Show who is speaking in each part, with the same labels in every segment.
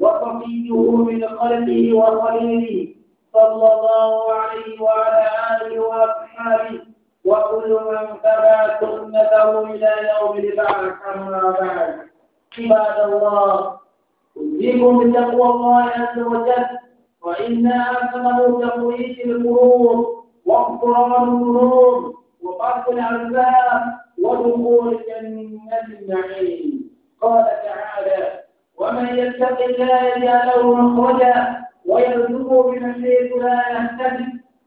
Speaker 1: وصفيه من قلبه وخليله صلى الله عليه وعلى آله وأصحابه وكل من تبع سنته إلى يوم البعث أما بعد عباد الله أوصيكم بتقوى الله عز وجل وإن أكمل تقويت القلوب واقتران الظنون وقصد الاعزاء ودخول جنة النعيم قال تعالى ومن يتق الله يجعل له مخرجا ويرزقه من حيث لا يحتسب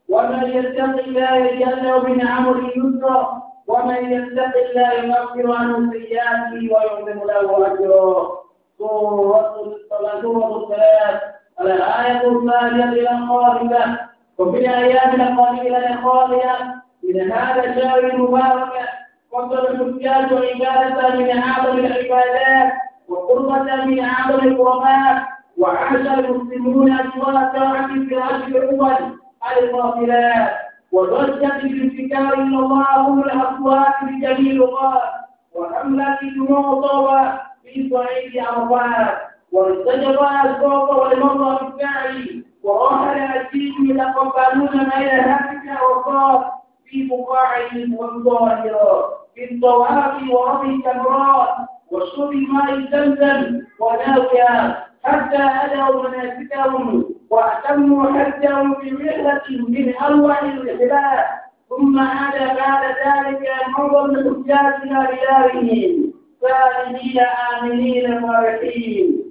Speaker 1: ومن يتق الله يجعل له من امره يسرا ومن يتق الله يغفر عنه سيئاته ويعظم له اجرا سوره الثلاث الايه الثانيه الى الخامسه وفي الايام القليله الخاليه من هذا الشهر المبارك وصل الحجاج عباده من اعظم العبادات وقل الذين عمل القرآن وعاش المسلمون أجواء ساعة في عشر أول الغافلات وضجت بالفكار إلى الله الأصوات بجميع لغات وحملت دموع طوبة في صعيد أموات وارتجف الصوت والمرضى بالفعل وراح الأجيب يتقبلون ما إلى هاتك في بقاعهم والظاهرات في الطواف ورمي التمرات وشرب ماء زمزم وناويا حتى أدوا مناسكهم وأتموا حجهم برحلة من أروع الرحلات ثم عاد بعد ذلك معظم الحجاج إلى ديارهم سالمين آمنين فرحين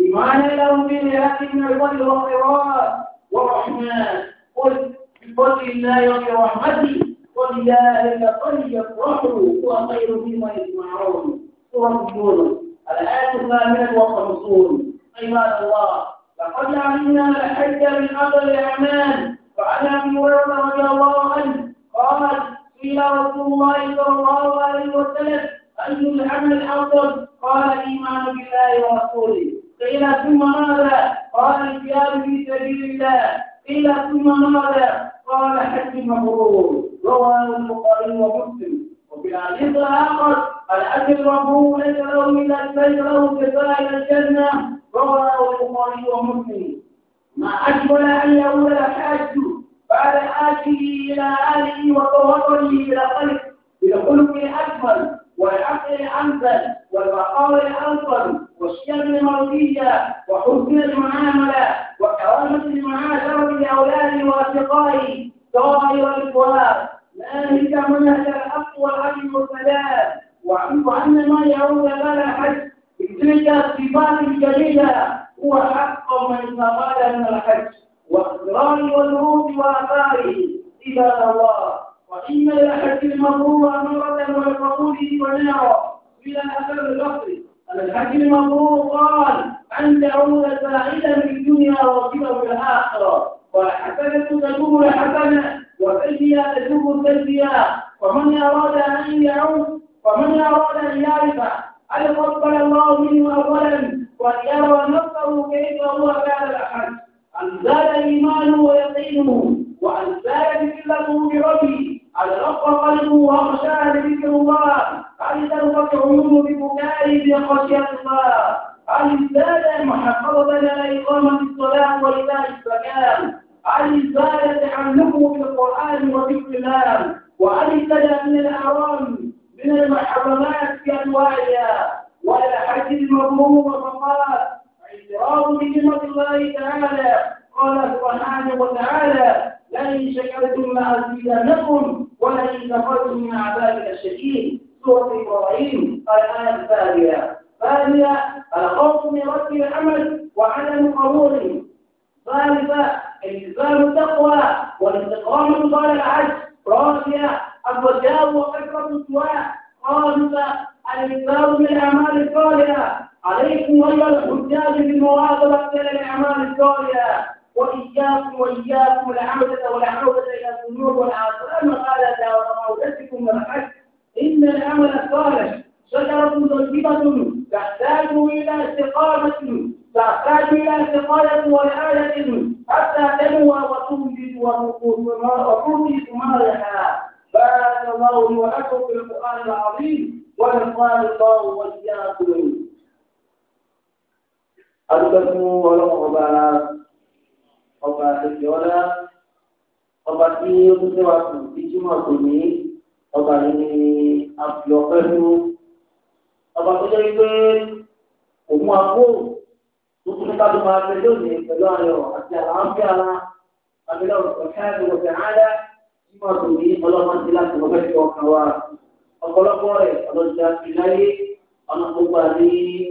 Speaker 1: لمعنى لهم رحلة من الفضل والقرار ورحمة قل بفضل الله وبرحمته وبذلك يفرحوا وخير مما يسمعون سورة الآية الثامنة وخمسون عباد الله لقد علمنا الحج من أفضل الأعمال وعن أبي هريرة رضي الله عنه قال قيل رسول الله صلى الله عليه وسلم أي العمل الأفضل قال الإيمان بالله ورسوله قيل ثم ماذا؟ قال الجهاد في سبيل الله قيل ثم ماذا؟ قال حج مبرور رواه البخاري ومسلم وبالعزيز الآخر الأكل ربه ليس له من ليس له كفاء إلى الجنة رواه البخاري ومسلم ما أجمل أن يقول الحاج بعد حاجه إلى أهله وتوصله إلى خلق بالخلق الأكمل والعقل الأنزل والبقاء الأفضل والشيم المرضية وحسن المعاملة وكرامة المعاشرة لأولادي وأصدقائي سواء والإخوان ذلك منهج القرآن والسلام وأعلم أن ما يعود لنا حج بتلك الصفات الجليلة هو حق من تقال من الحج وإقرار والنور وآثاره عباد الله وإن الحج المبرور أمرة والقبول ونعم إلى أثر البصر الحج المبرور قال أن تعود سعيدا في الدنيا وكبر الآخرة وحسنة تكون حسنة وسلبيا تجب التلبية ومن أراد أن يعود ومن أراد أن يعرف هل قبل الله منه أولا وليرى نفسه كيف هو بعد الأحد أن زاد إيمانه ويقينه وأن زاد ذكره بربه أن رق قلبه وخشاه لذكر الله أن تنفك عيونه ببكائه بخشية الله أن زاد محفظة إقامة الصلاة وإيتاء الزكاة عن إزالة تعلقه بالقرآن وبالكلام وأن ابتدى من الأعوام من المحرمات بأنواعها ولا حج المظلوم فقال اعتراف بنعمة الله تعالى قال سبحانه وتعالى لئن شكرتم لأزيدنكم ولئن كفرتم من عذاب الشديد سورة إبراهيم الآية الثانية ثانية الخوف من رد العمل وعدم قبوله ثالثة التزام التقوى والاستقامة طال العجز راسية الرجاء وفكرة السواء خالصة الإكثار من الأعمال الصالحة عليكم أيها الحجاج بالمواظبة على الأعمال الصالحة وإياكم وإياكم العودة والعودة إلى الذنوب والآثام قال من والحج إن العمل الصالح شجرة طيبة تحتاج إلى استقامة فأحتاج إلى انتقالة والآلة منه حتى تنوى وتنبت وتنبت مرحا بارك الله لي ولكم في القرآن العظيم ونفعل الله وإياكم Adúgbẹ́fún ọlọ́run ọba ọba àtẹ̀jẹ́ ọlá ọba tí ó tún tẹ́wà kù bí Jímọ̀ kò gbogbo nípa tó máa fẹ́ lónìí pẹ̀lú ayọ̀ àti àlàáfíà la abẹ́lẹ́ ọ̀sán ìwọ̀sẹ̀ àádá tí wọ́n tó ní ọlọ́wọ́n ti láti wọ́pẹ́ sí ọkàn wa ọ̀pọ̀lọpọ̀ rẹ̀ ọlọ́jà fi láyé ọ̀nà gbogbo àti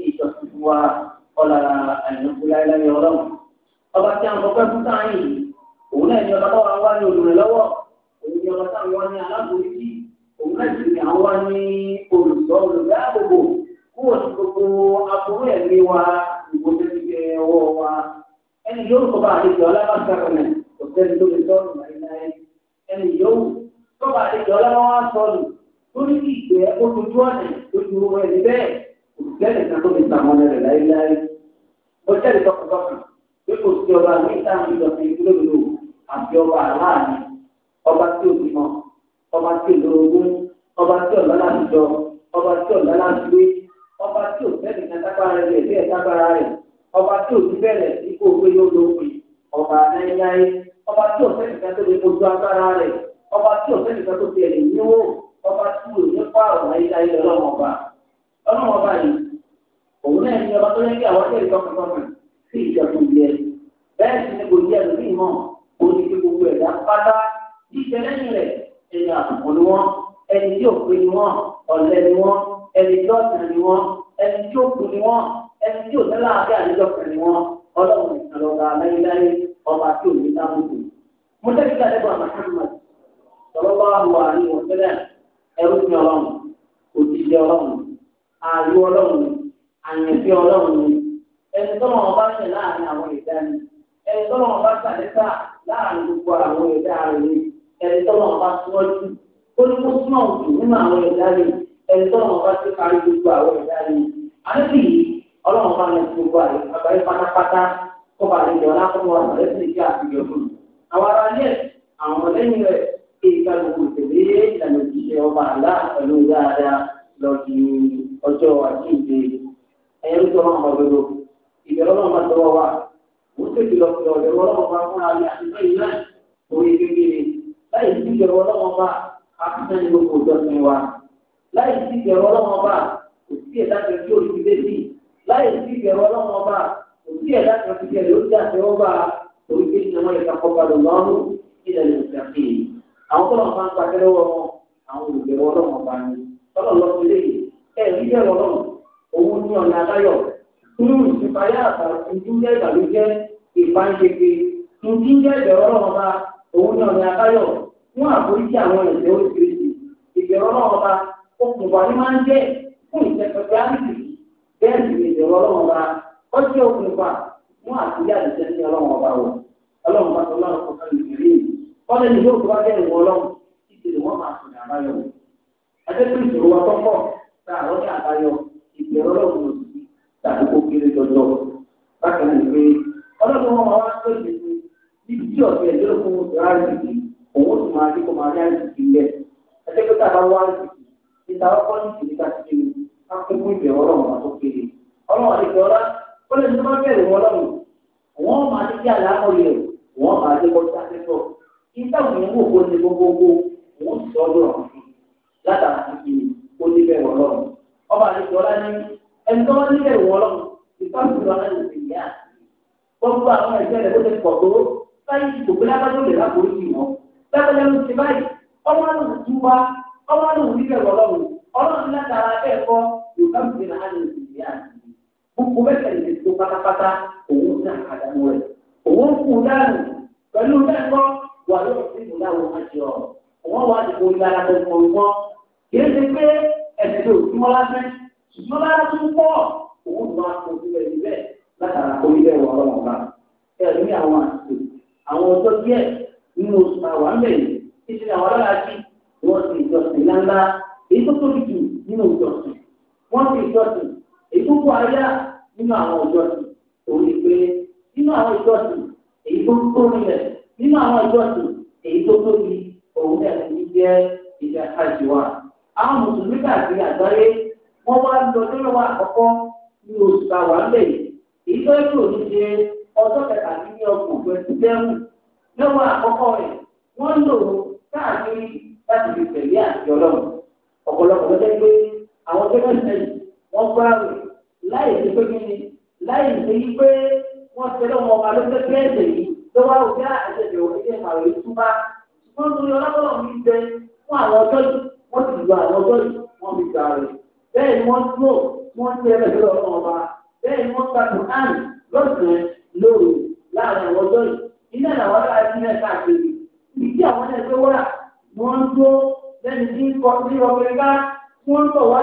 Speaker 1: ìjọsìn wa ọ̀là àìníkú láyéláyé ọlọ́run ọba tí àwọn ọpẹ́ fún sáyìn òun náà ní ọba bá wa wá ní olùrànlọ́wọ́ òun ní ọba táwọn wá ní alábòójì òun náà sì ní àwọn wá ní olùsọ olùdáàbòbò kúrò ọwọ́ wa ẹni yóò kọ́ bá àlejò alábàgbàgbọ̀nà kò sẹ́ni tó lè sọ́ọ̀nù láíláí ẹni yóò kọ́ bá àlejò aláwọ̀ sọ́ọ̀nù lórí ìgbẹ́ ojoojú ọ̀nà lójú owó ẹni bẹ́ẹ̀ kò sẹ́ni kan tó lè sàmọ́ ẹ̀rẹ̀ láíláí ó jẹ́rì tọkàntọkàn pé kò sí ọba ní ìtàn ìjọsìn ìgbélódò àti ọba aláàánú ọba tí ò bímọ ọba tí ò lórogún ọba tí ò lọ́lá àtijọ́ ọba tí ò lọ́lá àtúwé ọba tí ò fẹ́ẹ̀ nìkan tágbára rẹ̀ bí ẹ̀ tágbára rẹ̀ ọba tí òbí bẹ̀rẹ̀ sí kó o pé yóò lópin ọba náíláí ọba tí òfẹ́ nìkan tó lè kojú agbára rẹ̀ ọba tí òfẹ́ nìkan tó fi ẹ̀yìn níwó ọba tí ò ní pa ọ̀rọ̀ náíláí ọlọ́mọ ọba ọlọ́mọ ọba yìí òun náà ní ọba tó yẹ kí àwọn akẹ́rì tọkàntọkàn sí ìjọba ìjẹ bẹ́ẹ̀ sì ni kò yẹ ẹ̀mí mọ́ òní kí gbogbo ẹ̀dá pátá jíjẹ lẹ́yìn rẹ̀ ẹni ni wọ́n ẹni tí òpin ni wọ́n ọ̀lẹ ni wọ́n ẹni tí ọ̀sán ni wọ́n ẹni ẹni tí ò tẹ́lá àti àlejò pẹ̀lú wọn ọlọ́run nìkan lọ́ba aláyéláyé ọba tí ò ní dáhùn mo tẹ́lẹ̀ kí àdébọ̀ Muhammad sọ̀rọ̀ bá wà ní ọ̀tẹ́lẹ̀ ẹrú fi ọlọ́run òjijì ọlọ́run ààyò ọlọ́run àyànfẹ́ ọlọ́run ẹni tọ́lọ́ wọn bá ṣẹ̀ láàrin àwọn ẹ̀dá ni ẹni tọ́lọ́ wọn bá ṣàlẹ́sà láàrin gbogbo àwọn ẹ̀dá rẹ̀ ni ẹni tọ́lọ́ wọn bá súnmọ́jú ó ní kó súnmọ́ òjò nínú àwọn ẹ̀dá rẹ̀ ẹni tọ́lọ́ wọn ṣe parí gbogbo àwọn ẹ̀dá rẹ̀ àbí ọlọ́run bá yẹn gbogbo àyè àgbáyé pátápátá kó bá lè jọlá fún wọn ọ̀rẹ́ sì jẹ́ àfihàn fún un. àwọn ará ilé àwọn lẹ́yìn rẹ̀ kí ìka gbogbo ìtẹ̀lé ìlànà ìjíṣẹ́ ọba àlá pẹ̀lú dáadáa lọ sí ọjọ́ àjíǹde ẹ̀yẹ́ ń tọrọ ọmọ òdodo ìbẹ̀rẹ̀ ọlọ́run bá tọwọ́ wa wọ́n tètè lọ sí ọ̀dọ̀ ọlọ́run bá fúnra rẹ̀ àti lẹ́yìn náà orí kékeré láì sí ìbẹ̀rẹ̀ ọlọ́run bá akíkanjú gbogbo láyé sí ìbẹ̀rù ọlọ́run ọba òbí ẹ̀dá kan ti bẹ̀rẹ̀ ó ti àti ọba orí pé ìnáwó ìka kọba lọ lọ́rùn ilẹ̀ lè fẹ́ pé àwọn tó lọ́wọ́ máa ń pàtẹ́ lọ́wọ́ wọn àwọn olùbẹ̀rù ọlọ́run ọba ni tọ́lọ̀ lọ sí ilé yìí ẹ̀ ní bẹ̀rù ọlọ́run òun ní ọ̀nà aláyọ̀ kúrú ìfipáyà àgbà ìdúgbẹ́ ìgbàlójẹ́ ìbánṣege tuntun jẹ́ ìbẹ̀rù ọlọ́run ọba òun ní ọ̀nà aláyọ̀ fún àforíjì àwọn ẹ̀jẹ̀ oríṣiríṣi ìbẹ̀rù ọlọ́run bẹ́ẹ̀ sì ni ìdọ̀rọ̀ ọlọ́run ọba ó jẹ́ òkun mú àdìsẹ́ ní ọlọ́run ọba ọlọ́run rí ní yóò tó bá bẹ́ẹ̀ wọ ọlọ́run ni wọ́n máa sọ̀rọ̀ àbáyọ. ìṣòro wa tọ́kọ̀ àwọn ní àbáyọ ọlọ́run òsì tàbí kó kéré jọjọ bákan ní pé ọlọ́run wọn kápẹ́kù ìbẹ̀rù ọlọ́run wà tó kéré ọlọ́run àti ìbẹ̀rù ọlá ó lè ní wọ́n bẹ̀rù wọn lọ́rùn wọ́n máa ní kí àlámọ̀ yẹ wọ́n máa dé kọjá sẹ́tọ̀ ìtàkùn yẹn wò ó ní gbogbogbò wọ́n ti sọ́ lọ́rọ̀ látara kìkì ó ní bẹ̀rù ọlọ́run ọba àti ìbẹ̀rù ọlá ní ẹni tó wọ́n ní bẹ̀rù ọlọ́run ìtàkùn ọlá ní ìgbìyà gbogbo àwọn ẹgbẹ́ rẹ̀ ló ti pọ̀ tó báyìí ìgbòkè lábájọ́ lè láborí ìwọ̀n lábájọ́ ló ti báyìí ọmọ àlùkù túbá ọmọ àlùkù níbẹ̀ lọ́lọ́run ọlọ́run látara bẹ́ẹ̀ kọ́ yorùbá gbé náà ní ìdílé àti gbogbo bẹ́ẹ̀ lè tó pátápátá òun náà àdánù rẹ̀ òun kù dànù pẹ̀lú bẹ́ẹ̀ kọ́ wà lórí sí ìlú láwọn àjọ òun wà ní orí ara tó kọ̀ wọ́n kì í ṣe pé ẹ̀sìn ló ti wọ́n lásán ṣùgbọ́n lára tó ń pọ̀ òun máa kọ sílẹ̀ níbẹ̀ látara orí bẹ́ẹ̀ wọ ọlọ́run bá ẹ̀ ní àwọn àti àwọn ọjọ́ díẹ̀ nínú àwọn àmì èyí tó tóbi jù nínú ìjọsìn wọ́n ti ìjọsìn èyí tó kó ayá nínú àwọn ìjọsìn òun ni nínú àwọn ìjọsìn èyí tó tó nílẹ̀ nínú àwọn ìjọsìn èyí tó tóbi òun ti jẹ́ ìjà àjò wa. àwọn mùsùlùmí káàkiri àgbáyé wọ́n wá lọ àkọ́kọ́ ní oṣù ń bẹ̀ èyí tó ṣe ọjọ́ lọ́wọ́ àkọ́kọ́ rẹ̀ wọ́n lò káàkiri láti ọ̀pọ̀lọpọ̀ tó jẹ́ pé àwọn tó náà ṣẹlẹ̀ wọ́n bá rè láì sí pé kíni láì sí pé wọ́n ṣe lọ́wọ́ ọba ló fẹ́ fẹ́ ẹ̀sẹ̀ yìí lọ́wọ́ òjá àṣẹjẹ òkèèyàn màrò ìtúbá wọ́n tún yọ lọ́wọ́ mi bẹ fún àwọn ọjọ́ yìí wọ́n ti lu àwọn ọjọ́ yìí wọ́n fi gbà rè bẹ́ẹ̀ ni wọ́n tó wọ́n ti ẹ̀rẹ̀ lọ́wọ́ ọba bẹ́ẹ̀ ni wọ́n gbàgbọ́ lẹ́nu tí ń kọ sí ọkùnrin bá tí wọ́n ń tọ̀ wá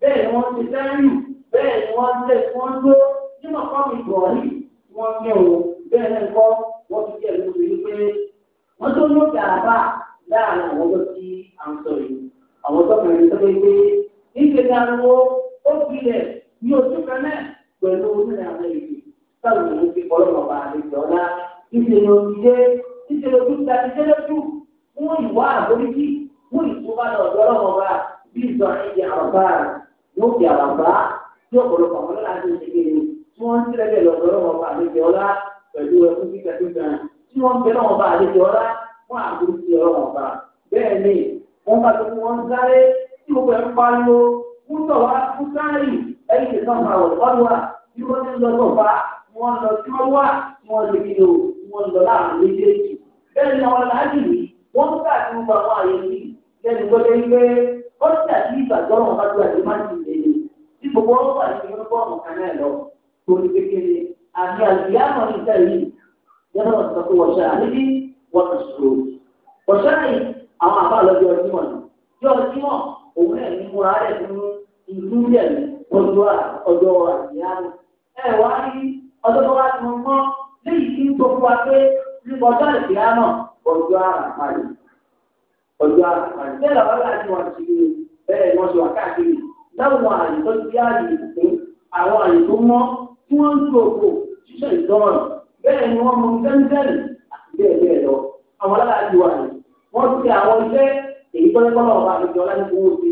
Speaker 1: bẹ́ẹ̀ ni wọ́n ti sẹ́yìn bẹ́ẹ̀ ni wọ́n tẹ̀ wọ́n dó nígbà fọ́ọ̀mù ìgbọ̀nyí wọ́n ní o bẹ́ẹ̀ ni kọ́ wọ́n ti jẹ́ ìlú rẹ̀ pé wọ́n tó ní òkè àbá láàrin àwọn ọjọ́ tí à ń sọ yìí àwọn tọkùnrin tó pé níṣẹ́ ni ariwo ó gbilẹ̀ ní ojú kan náà pẹ̀lú onílẹ̀ àwọn èdè táwọn èèyàn ti kọ́ lọ́wọ́ bá àlejò ọ̀la níṣẹ́ ni omi dé níṣẹ́ ni ojú ta ti dé lójú fún ìwà àbórí bá lọ ọ̀dọ́ ọlọ́mọ bá bí ìtọ́ ẹ̀jẹ̀ àràbá yóò fi àràbá tí ọ̀pọ̀lọpọ̀ àwọn ọlọ́lá ti ṣe kéde tí wọ́n ń tẹ́lẹ̀ lọ ọ̀dọ́ ọlọ́mọ bá àlejò ọlá pẹ̀lú ẹkún kíkà tó ga tí wọ́n ń bẹ lọ́wọ́ bá àlejò ọlá wọ́n àbúrò sí ọlọ́mọ bá bẹ́ẹ̀ ni wọ́n bá tó wọ́n sáré tí gbogbo ẹ̀ ń pariwo kútọ̀ wá kútárì ẹ̀yìn lè sọ́n máa wọ̀ lọ́wọ́ bí wọ́n ti ń lọ sọ̀fà wọ́n lọ tí wọ́n wà wọ́n lè fi lò wọ́n lọ láàrin méjèèjì bẹ́ẹ̀ ni àwọn aláàjì yìí wọ́n ń gbà tí wọ́n bá wọn àyè yìí lẹ́nu tó lé pé ó ti àti ìgbàgbọ́ ọ̀hún bá gbàgbé má ti lè ní tí gbogbo ọ̀hún wà ní ọgbọ́n ọ̀hún kan náà lọ tó ní kékeré àti àgbéyà mọ̀ ní sẹ́yìn yẹn náà sọ pé wọ̀ṣẹ́ àníbí wọ́n ti sòrò wọ̀ṣẹ́ yìí àwọn àbá lọ́jọ́ ọdún wọn yọ ọdún wọn òun náà ní múra rẹ̀ fún ìlú rẹ̀ ọjọ́ ọjọ́ àgbéyà ẹ wá rí ọjọ́ tó wá ti mọ́ léyìí tí ń tó fún wa pé nípa ọjọ́ àgbéyà náà ọjọ́ àràpàlẹ̀ ọjọ́ àti bẹ́ẹ̀ làwọn aláàjì wọn ti rí bẹ́ẹ̀ wọ́n ṣe wà káàkiri láwọn àyè tó ti àyè ìpín àwọn àyè tó mọ́ tí wọ́n ń tó òkò ṣíṣe ìdánwò bẹ́ẹ̀ ni wọ́n mọ sẹ́ńtẹ́ẹ̀lì àti bẹ́ẹ̀ bẹ́ẹ̀ lọ àwọn aláàjì wà ní wọ́n ti àwọn iṣẹ́ èyí tó lẹ́kọ́ náà wà lójú ọlá ní owó ti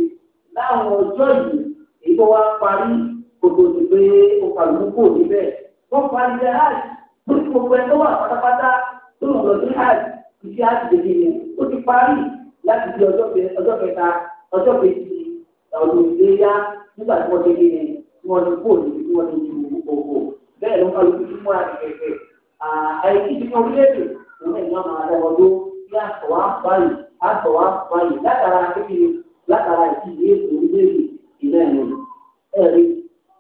Speaker 1: láwọn ọjọ́ yìí èyí tó wá parí gbogbo ti pé ó kàlùkù kò níbẹ̀ wọ́n parí ẹ̀ hajj tó ti gbogbo ẹ̀ tó wà pátápátá tó lọ sí hajj ìṣe hajj láti di ọjọ́ kẹta ọjọ́ kejì ọdún ìléyà nígbà tí wọ́n ti rí ni wọ́n ti kó òní tí wọ́n ti ju bẹ́ẹ̀ ló ń àìsí orílẹ̀-èdè òun báyìí báyìí látara kékeré látara orílẹ̀-èdè ìlẹ̀ ẹ̀rí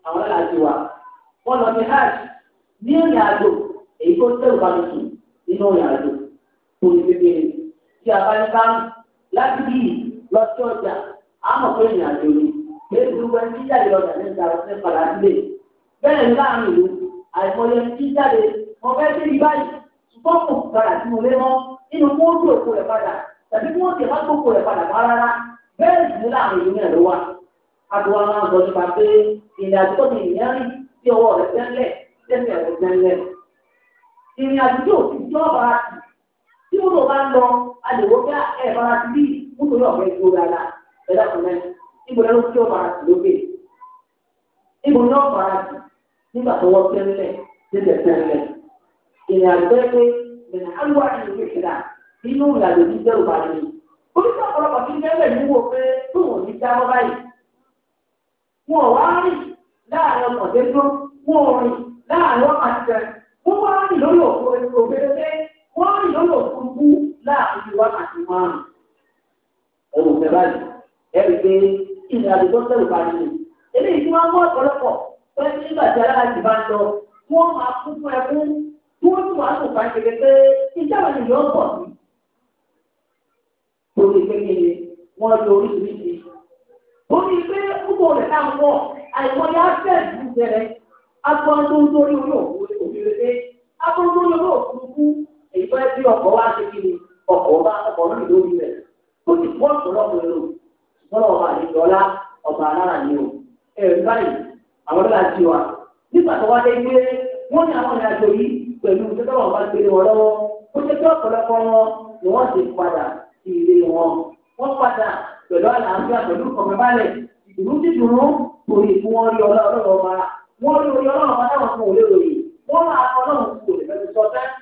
Speaker 1: àwọn wa lọ sí hajj ní ìrìn àjò a bá ní láti bí lọ sí ọjà àmọ̀ pé ìrìn àjò ni lẹ́nu wẹ́n jíjáde ọjà ní ìta ọ̀sẹ̀ paradílé bẹ́ẹ̀ ni láàrin ìlú àìmọye jíjáde wọn fẹ́ dé ibáyìí ṣùgbọ́n kò gbára sínú ilé mọ́ nínú kó o dúró kó rẹ̀ padà tàbí kó o tẹ̀ má tó kó rẹ̀ padà bá rárá bẹ́ẹ̀ sì ni láàrin ìlú náà ló wà. àdúrà máa ń nípa pé ìrìn àjò tó ní ìyẹn rìn ọwọ́ rẹ̀ tí mo lò bá ń lọ alèwò bí ẹ̀rọra ti bí mọ́tò yóò fẹ́ gbó dada ẹ̀dá kan náà níbo lẹ́nu tí ó fara sí lókè níbo ni ó fara sí nígbà tó wọ́n tẹ́lẹ̀ tẹ́lẹ̀ tẹ́lẹ̀ ìrìn àjò pé ìrìn àjò wà nínú ìṣẹ̀dá inú ìrìnàjò ti dẹ́rù bá mi oníṣẹ́ ọ̀pọ̀lọpọ̀ ti dẹ́rẹ̀ níwò pé tóun ò ní jábọ́ báyìí wọn ò wá rìn láàrin ọkọ̀ dédó wọn wọ́n wá rìn lórí òfin wọ́n rí lọ́wọ́ burúkú láàrin ìwà àti márùn. ẹ̀rù fẹ́ báyìí ẹ̀rù pé ìrìn àjò tó sẹ́rù bá yìí. eléyìí tí wọ́n mú ọ̀pọ̀lọpọ̀ pé nígbà tí aláàjì bá ń lọ wọ́n máa kú fún ẹkún tí wọ́n tún wàá tún bá ṣẹlẹ̀ pé ìjọba nìyọ́ pọ̀ sí. torí pé kí ni wọ́n lo oríṣiríṣi. ó ní pé púpọ̀ rẹ̀ náà wọ̀ àìmọye afẹ́ ìlú bẹ̀rẹ̀ agbọ́n èyí bá bí ọkọ̀ wá ṣe kí ni ọkọ̀ bá ọkọ̀ náà lórí rẹ̀ ó ti pọ̀ ọ̀pọ̀lọpọ̀ èrò ṣùgbọ́n ọba àdìgbọ́lá ọba alára ni o ẹ̀rí báyìí àwọn ọlọ́lá ti wà nígbà tó wá dé gbé wọ́n ní àwọn ìrìnàjò yìí pẹ̀lú tẹ́tọ́wọ̀n bá gbé wọn lọ́wọ́ ó ṣe pé ọ̀pọ̀lọpọ̀ wọn ni wọ́n ti padà sí ilé wọn wọ́n padà pẹ̀lú àlàáfíà pẹ̀lú kọ̀mẹ́bálẹ̀ ìlú dídùnú torí fún wọn rí ọlọ́run ọba wọn rí orí ọlọ́run ọba táwọn fún òlérò yìí wọ́n máa ọlọ́run fún òlérò sọ bẹ́ẹ̀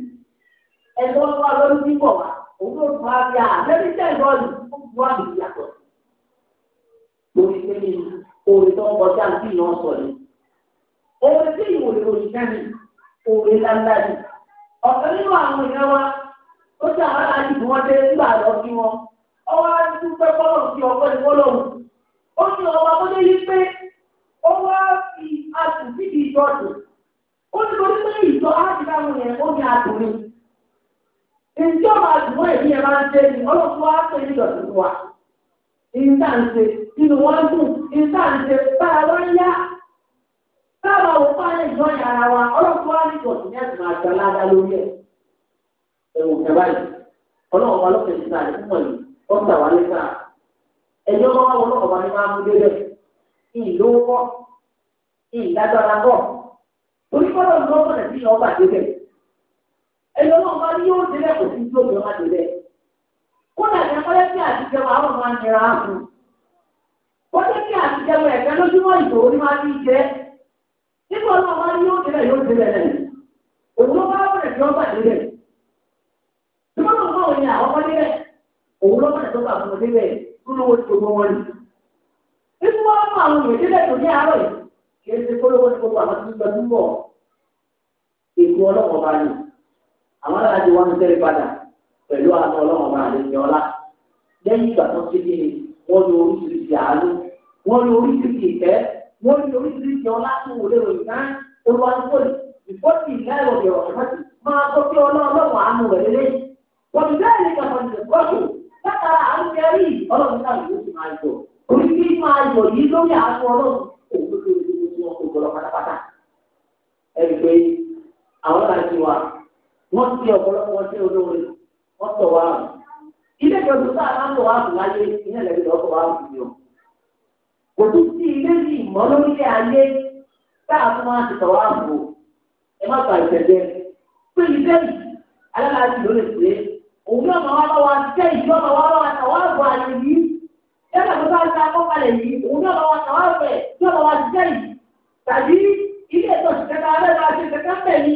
Speaker 1: ẹ̀dọ́ wa lórí bíbọ̀ wa òun ló fà á bí a ni ó bu wa lè lórí pẹ́lú orí tó ń kọjá sí ìyàn sọ ni. orí tí ìwòlè òṣìṣẹ́ mi orí lálá ni. ọ̀pẹ nínú àwọn ìyẹn wa ó ti àwọn aláàjì tí wọ́n dé nígbà lọ sí wọn. ọwọ́ aláàjì tó pẹ́ fọ́lọ̀ sí ọkọ ni wọ́n lọ́wọ́. ó ní ọba tó yí pé ó wá fi ìjọ dùn. ó ní orí pé ìjọ ìjọ máa dùnmọ́ èmi yẹn máa ń ṣe ni ọlọ́run wá pé ní ìdọ̀tí wa ìta ń ṣe inú wọn dùn ìta ń ṣe bára wá ń yá báwa ò fún ayé ìjọ yẹn ara wa ọlọ́run wá ní ìdọ̀tí ní ẹ̀sìn àti aláda lórí ẹ̀ ẹ̀wọ̀n kẹfà yìí ọlọ́run wa lọ́kẹ̀ níta rẹ̀ fún wọ̀nyí ó ń tàwa níta ẹ̀yọ́ wọn wá wọlé ọ̀bá ni máa mú délẹ̀ ìlú kọ́ ìdájọ́ ara ẹni ọlọ́run bá ní yóò délẹ̀ kò sí tó lè délẹ̀ kódà ní akọ́lẹ́ sí àtijọ́ àwọn máa nira ààbò wọ́n tẹ́ kí àtijọ́ ẹ̀fẹ́ lójúmọ́ ìṣòro ní máa ní jẹ́ nígbà ọlọ́run bá ní yóò délẹ̀ yóò délẹ̀ lẹ̀ òun ló bá bẹ̀rẹ̀ tí wọ́n bà délẹ̀ nígbà tó bá òun yà àwọn ọmọdé rẹ̀ òun ló bẹ̀rẹ̀ tó bà fún tó lówó tó gbọ́ wọn ni nígbà wọn mú àwọn ní àwọn aláàjì wọn ń tẹ́lẹ̀ padà pẹ̀lú àtọ ọlọ́run ọba àlejò ọlá lẹ́yìn ìgbà tó ṣe kí ni wọ́n lo oríṣiríṣi àánú wọ́n lo oríṣiríṣi ìfẹ́ wọ́n lo oríṣiríṣi ọlá tó wò lérò ìná olùwàlúwòlì ìfọ́sì ìlànà ìrọ̀ ọ̀sán máa tó kí ọlọ́run àánú rẹ̀ lélẹ́yìn wọ́n ti bẹ́ẹ̀ ní kàfọ́n ìdẹ̀kọ́sù látara àrùkẹ́rì ọlọ́run náà ló ti máa yọ orí kí máa yọ yìí lórí àánú ọlọ́run òun ló ti wọn kò gbọ́dọ̀ àwọn láti wà wọ́n ti ọ̀pọ̀lọpọ̀ sí olóore wọ́n tọ̀ wá àrùn. ilé ìjọsìn tá a máa ń tọ̀ wá àrùn láyé ìyẹn lẹ́yìn lọ́tọ̀ wá àrùn yìí o. kò tún sí ilé yìí mọ́ lórílẹ̀ ayé tá a tún máa ti tọ̀ wá àrùn o. ẹ má ta ìtẹ̀jẹ́ pé ilé yìí aláàjì ló lè pé òun náà máa wá lọ́wọ́ àtijọ́ ìjọ máa wá lọ́wọ́ àtàwọn àgbọ̀ àyè yìí yàtọ̀ tó bá ń ta akọ́kalẹ̀ yìí òun náà máa wá àtàwọn àgbẹ̀ yóò máa wá àtijọ́ yìí tàbí ilé ìtọ́sí kẹta alẹ́ máa ṣe kẹta bẹ́ẹ̀ ni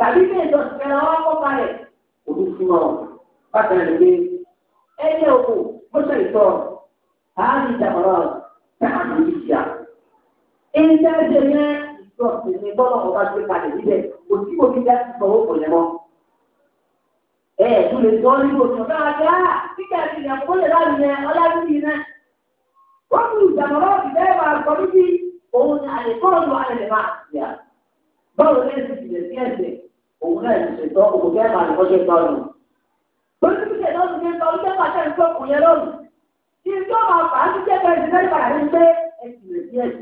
Speaker 1: tàbí bí ìjọsìn ẹran wá kọ́ka rẹ̀ olùsúnmọ́ bákan rẹ̀ pé ẹyẹ òkú mọ́tò ìtọ́ àárín ìjàmọ̀rọ̀ káàkiri ìṣíà. Ẹ̀ńtẹ́ ṣe ní ìjọsìn ní bọ́lá ọba ṣe kalẹ̀ níbẹ̀ kò sí òbí dá sí sọ òkò yẹn mọ́. Ẹ ẹ̀ tún lè sọ ní òṣù náà ajá kíkà sí ìyàn kó lè láàrin yẹn ọlọ́dún yìí náà. Wọ́n fi ìjàmọ̀rọ̀ ìbẹ́ẹ̀ máa sọ níbi òun ni àlè òun náà ti ṣètọ́ òkú kẹ́ máa nìkan ṣe tọ́ nù. Lóṣù tí ṣètọ́ ti ṣe tọ́ ọdún tẹ́lá tẹ́lá tó kù yẹn lónìí. Kí n tó máa fà á sí jẹ́pẹ́ ìdílé ìpadà ní pé ẹ̀sìn rẹ̀ díẹ̀.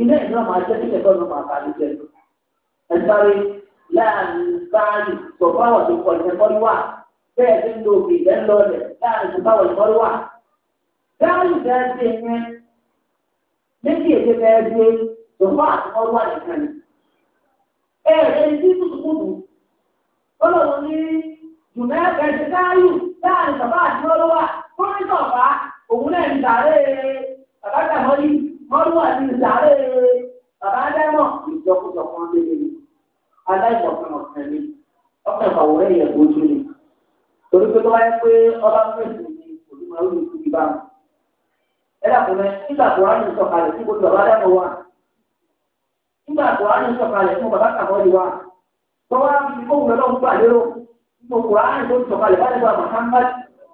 Speaker 1: Ilé ìlú máa jẹ́ kí ṣètọ́ ló máa fà á ní jẹ́. Ẹ sáré láàrin báàlì sọ̀fáwọ̀ tó pọ̀ ìfẹ́mọ́rí wà. Bẹ́ẹ̀ ti ń lo òkè ìfẹ́ lọ́ọ̀lẹ̀ láàrin sọ̀fáwọ̀ ìfọ́rí wà. Báàlì fẹ́ẹ́ ṣe yẹn méjì èdè fẹ́ẹ́ ṣe sọ̀fáwọ̀ àti mọ́rí wà nìkan ni ẹ̀rẹ́ ní kùtùkùtù ọlọ́run ní jùmọ̀ ẹ̀ṣẹ̀ káyù láàrin bàbá àti ọlọ́wà tó ní sọ̀fà òun náà ní sàárè bàbá tàmọ́lì mọ́lú àti sàárè bàbá dẹ́mọ̀ ìjọkùjọkùn lélẹ̀ aláìjọkùn ọ̀sẹ̀ mi ọ̀sẹ̀ ìfàwọ̀rẹ́ yẹ̀ kó tún ni torí pé tó wáyé pé ọlá fèsì ni òdùmọ̀ ló nígbà tó á ní sọ̀kalẹ̀ fún bàbá kàmọ́lì wa tó wá fi fóun lọ́wọ́ gbà lérò nínú kùránì tó sọ̀kalẹ̀ bá nígbà Muhammad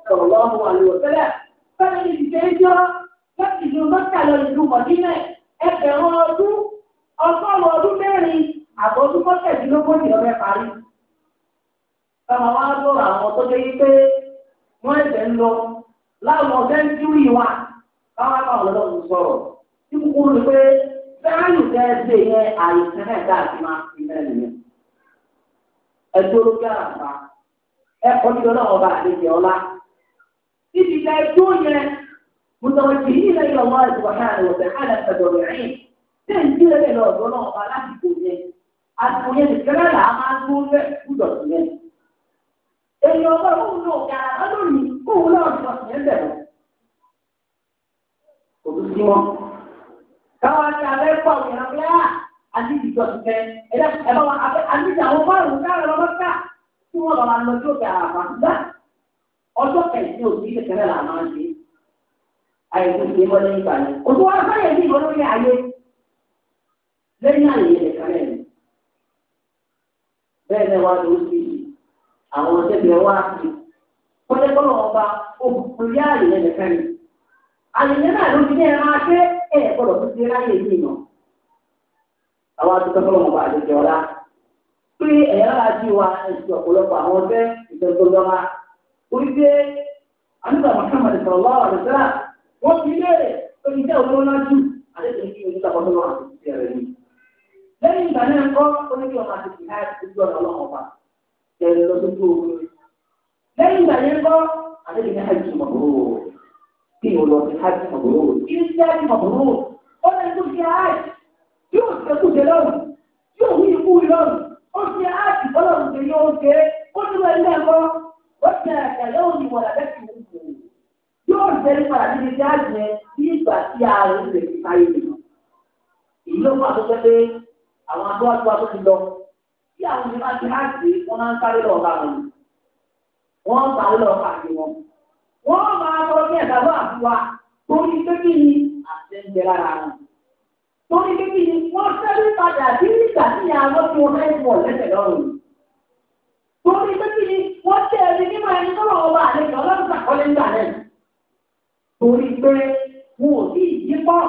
Speaker 1: sallallahu alaihi wa sallam fẹ́ẹ́ ní ìdíje ìjọ láti ìlú ìlú ẹgbẹ̀rún ọdún ọgọ́rùn ọdún mẹ́rin àbọ̀dún parí. àwọn tó sáyìn tẹ́sí yẹn àìsàn náà dáa sí máa fi mẹ́rin yẹn. ẹ̀dọ́ ló gbára pa ẹ ọdún náà ọba àdéjẹ ọlá. níbi ìgbà ẹjọ́ yẹn mùsùlùmí kì í lè yọ̀ wọ́n ẹ̀sùn wàhálà rẹ̀ wọ̀tẹ̀ hálà ẹ̀sọ̀ rẹ̀ rìn. ṣé ń dín lẹ́yìn lọ́dọ̀ náà ọba láti kò yẹn àtìkò yẹn nìkẹ́lẹ́ là á máa tó lẹ́ kúdọ̀ yẹn. èèyàn ọba òun náà gara ọdún yìí kóun náà káwọn ní alẹ́ pọ̀ ìyàrá bí a àti ìjọ tuntun ẹ bá wa àti àwọn márùn-ún káàrọ̀ lọ́wọ́ ká tí wọ́n bá wa lọ sí òkè àràbà ńlá ọjọ́ kẹ̀sìn òbí kékeré là máa ń ṣe àìsàn ìṣe wọlé nígbà yẹn òtún wọn fẹ́ yẹn bí ìwọ lórí ayé lẹ́yìn àyè nìkan rẹ̀ ni ló fi ní ẹ̀rọ ẹ̀ gbọ́dọ̀ tó ti ráyè yìí nà. Àwọn adúgbò fọlọ́ wọn bá àlejò ọ̀la. Pé ẹ̀yà ara jí wa ẹ̀sìn ọ̀pọ̀lọpọ̀ àwọn ọ̀fẹ́ ìtẹ̀sọ́jọ́ra. Orí pé Anúbà Muhammad sọ̀rọ̀ àdùsọ́là wọ́n fi léèrè lórí iṣẹ́ òun lọ́nà jù àlejò yìí ojú tàbọ̀ tó wọn àti ìṣẹ́ rẹ̀ ni. Lẹ́yìn ìgbà náà kọ́ oníkì ọmọ àti ìṣẹ́ ojú ọ̀nà ọlọ́run ọba. Ẹ̀rọ lọ́dún tó o. Lẹ́yìn ìgbà yẹn kọ́ àlejò yẹn kí o lọ sí hajj mọ̀bùrú kí n ṣe hajj mọ̀bùrú ó lè tún ṣe hajj yóò ṣe kú ṣe lọ́rùn yóò wí ikú lọ́rùn ó ṣe hajj ọlọ́run ṣe yóò ṣe ó ti wẹ̀ ní ẹ̀kọ́ ó ṣe àṣà yóò ní wọ̀lá bẹ́ẹ̀ ti wù ú yóò ṣe ní padà níbi ṣe hajj yẹn bí ìgbà tí a rẹ̀ ń lè fi káyé nìkan èyí ló máa tó pẹ́ pé àwọn adúláwọ̀ tó ti lọ tí àwọn ìgbà tí hajj wọn máa ń sáré lọ́ọ̀ pẹ̀lú àfúwà torí pé kí ni àtẹ̀jẹ̀ lára wọn. torí pé kí ni wọ́n sẹ́rí padà sí nígbà tí àwọn tí wọ́n fẹ́ wọ̀ lẹ́sẹ̀ lọ́rùn. torí pé kí ni wọ́n tẹ̀ ẹni nínú ẹni tó lọ́wọ́ bá àlejò ọlọ́run sàkọ́lé ńgbà náà. torí pé wọn ò tí ì yí pọ̀.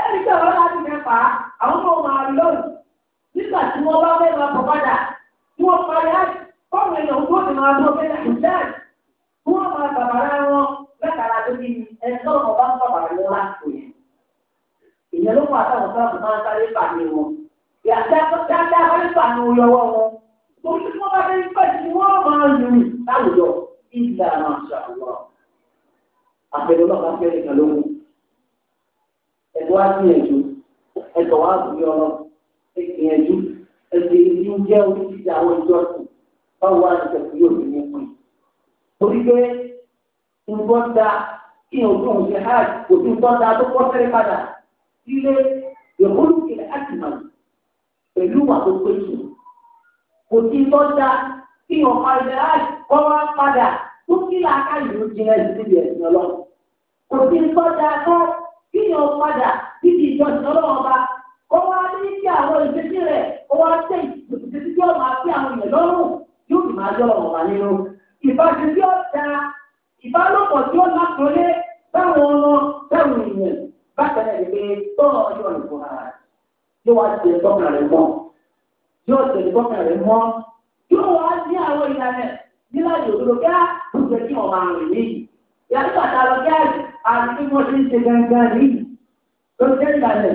Speaker 1: ẹ̀rí pé ọ̀rọ̀ láti mẹ́fà àwọn ọmọ máa rí lọ́rùn nígbà tí wọ́n bá fẹ́ máa pọ̀ padà tí wọ́n parí á kọ́ọ̀rọ̀ lórí ẹni tó lọ́wọ́ bá ń sọ̀rọ̀ àwọn lásìkò yẹn. ìyẹn ló fún àtàwọn sọ́ọ̀bù máa ń sáré pàmì wọn. ìyàtọ̀ dáadáa wọ́n pàmì òyọwọ́ wọn. torí tí wọ́n bá fẹ́ pẹ́ tí wọ́n máa lù mí láwùjọ ìgbà máa ṣàwọ̀. àpẹẹrẹ ọlọ́pàá fẹ́rẹ̀ kan ló mú. ẹ̀dọ́ á gbìyànjú ẹ̀dọ́ á gbìyànjú ẹ̀gbìyànjú ẹ̀gbìyànjú jẹ́ oríṣiríṣi àwọn ìjọ nǹkan da kí n òtún òsè hajj òtún nǹkan da tó pọ́sẹ́rẹ́ padà ilé ìhóòkè àtìmọ̀lì pẹ̀lú wà tó pé sùn kò sí nǹkan da kí n ọ̀pá ìdè hajj kọ́ wá padà tó kí jìnnà ìdílé ọba kọ́ wá ní kí àwọn rẹ̀ kọ́ wá tí máa fi ìbálòpọ̀ tí ó lápọ̀lé báwọn ọmọ báwọn èèyàn bákan náà lè tọ́nà ọjọ́ ìbò ara rẹ̀ yóò wá jẹ tọ́kàn rẹ̀ mọ́ yóò jẹ tọ́kàn rẹ̀ mọ́ yóò wá ní àwọn ìlànà níláàjì òdodo kí á gbogbo ẹjọ́ ọmọ àrùn yìí yàtọ̀ àtàlọ́ kí á àrùn tí wọ́n ti ń ṣe gangan yìí ló jẹ́ ìlànà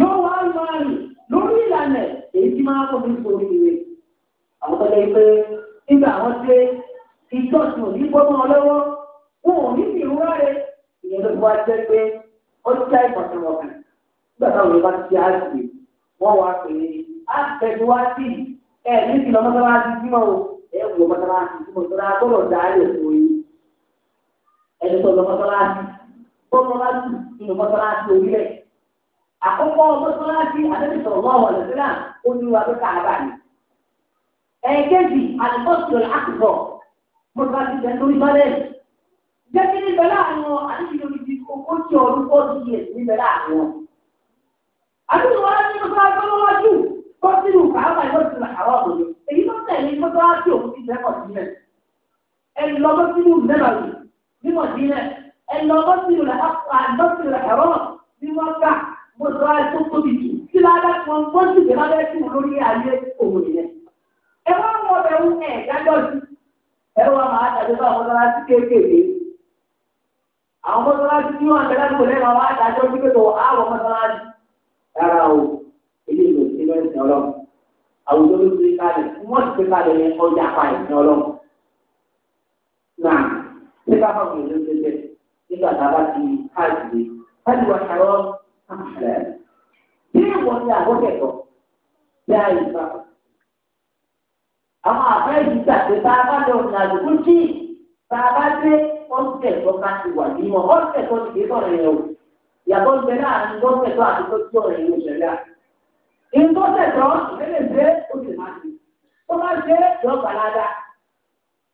Speaker 1: yóò wá lọ àrùn lórí ìlànà èyí tí máa kọ́ mi sórí ìwé àwọn tọ́jú pé nígbà àwọn ṣe ìjọ́sìn òní gbọ́mọ́ ọlọ́wọ́ wọn ò ní ti ìrora rẹ ìyẹn ló wá jẹ pé ó já ìfọ̀sọ̀rọ̀kàn nígbà táwọn Yorùbá ti ṣe àgbè wọn wá pè é àtẹ̀síwájú ẹ ní ti lọ mọ́sálásí símọ́ o ẹ wò mọ́sálásí símọ́ tó dáa gbọ́dọ̀ dáa lè fún yín ẹni tó lọ mọ́sálásí tó mọ́sálásí nínú mọ́sálásí orílẹ̀ àkọ́kọ́ mọ́sálásí àtẹ̀sọ̀rọ̀ wọn wà lọ́sílà ó ní wa pé káàbà ni ẹ̀ẹ́dẹ́gbì àtẹ̀sọ̀rọ̀ àkùkọ mọ́sálásí tẹ̀ lórí mọ́lẹ́sì. jẹ́kí níbẹ̀ láàrin wọn àdéhùn ihe ogójì ọdún fọ́ọ̀dù yẹn níbẹ̀ láàrin wọn. àdéhùn wọn ní ọjọ́ agbọ́nwájú kọ́sìlù ọrụ ìlọ́sìn àwọn ọ̀dọ́ èyí ló tẹ̀lé lọ́jọ́ àti òun ti lẹ́kọ̀ọ́ sílẹ̀. ẹ lọ ní mọ̀dínlẹ̀ ẹ lọ ní wọ́n gbà gbọ́dọ̀ tóbi jù kí ẹ wá máa tàbí bá sí kéékèèké àwọn mọ́sálásí tí wọ́n àtẹ́lá tó lẹ́nu àwọn àdájọ́ tí pé tó àwọ̀ mọ́sálásí. rárá o èyí ló ti lọ ìsìn ọlọ́run àwùjọ ló ti kalẹ̀ wọ́n ti kalẹ̀ yẹn ọjà pa ìsìn ọlọ́run. náà nígbà máa wù ló tẹ́tẹ́ nígbà tá a bá ti káàdì lé káàdì wa ṣàrọ̀ àmàlẹ́. bí wọ́n ní àgọ́kẹ̀kọ̀ bí a yìí bá àwọn àbẹ́ yìí gbà bá a bá lọ ọ̀sẹ̀ tó bá ti wà nímọ̀ ọ̀sẹ̀ tó ti kéé sọ̀rọ̀ yẹn o yàtọ̀ ń bẹ láàrin ọ̀sẹ̀ tó àti tó ti sọ̀rọ̀ yẹn o ṣẹlẹ̀ à. ìtọ́sẹ̀ tó lẹ́lẹ̀ ṣe ó sì máa ṣe tó bá ṣe yọ gbàlada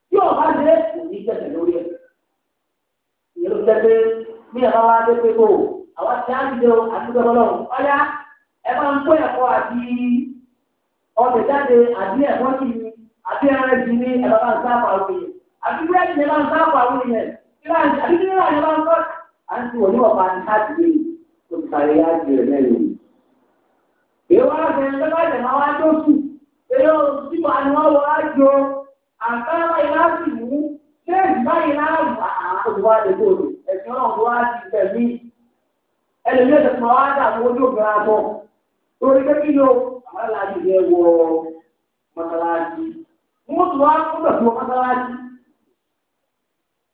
Speaker 1: tí ò bá ṣe kò ní tẹ̀sẹ̀ lórí ẹ̀. ìyẹn ló fẹ́ pé mí ẹ̀ bá wá dé pé kò àwọn ti á ti dé o àti gbọ́dọ̀ ọ̀yá ẹ máa ń kó àti bí ẹ̀jẹ̀ máa ń sáàpọ̀ àwọn èèyàn àti bí ẹ̀jẹ̀ máa ń sọ́ A ń ti wọ̀ níwọ̀n máa ń káàdì tó ti parí láti rẹ̀ mẹ́rin. èèwọ̀ àgbẹ̀ ẹgbẹ́ bá jẹ̀ máa wá tó sùn èèyàn òsì wà ní wọ́n wọ́n á jọ àkàrà ìlà sì mú ṣéèjì báyìí láàrú àkókò ẹ̀sìn ọ̀nà tó wá ti tẹ̀lé ẹlòmíràn tó máa wá dà mọ́ ojú ògbìn abọ́ lórí tún wá fún bẹ̀rù mọ́sálásí.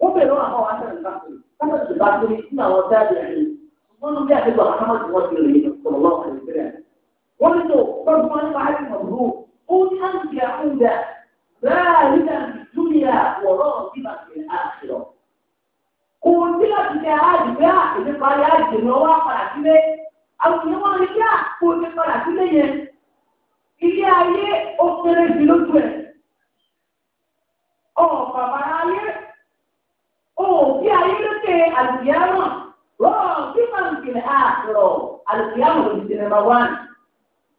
Speaker 1: wọ́n bẹ̀rẹ̀ wọn àwọn aṣáájú bá tóri aṣáájú bá tóri nínú àwọn sáájú ẹ̀yìn wọ́n ló bí àdébọ̀ ahámọ́tò wọn ti rè é sọ̀rọ̀ lọ́wọ́ àdébẹ̀rẹ̀ wọ́n nínú gbọ́dọ̀ wọn bá rí mọ̀lúù ó ní àǹtí àkúndà láàrín àdúgbìyà wọ̀rọ̀ bíbà tẹ̀ àṣírọ̀ kò sí láti tẹ àádìgbẹ́ àìnípa yá àjẹmọ́ wá padà sílé òkè ayélujáde àlùkìyàmọ̀ wọ́n kí máa ń kìlẹ̀ àtọ̀rọ̀ àlùkìyàmọ̀ lòdì sí nàmbà wán.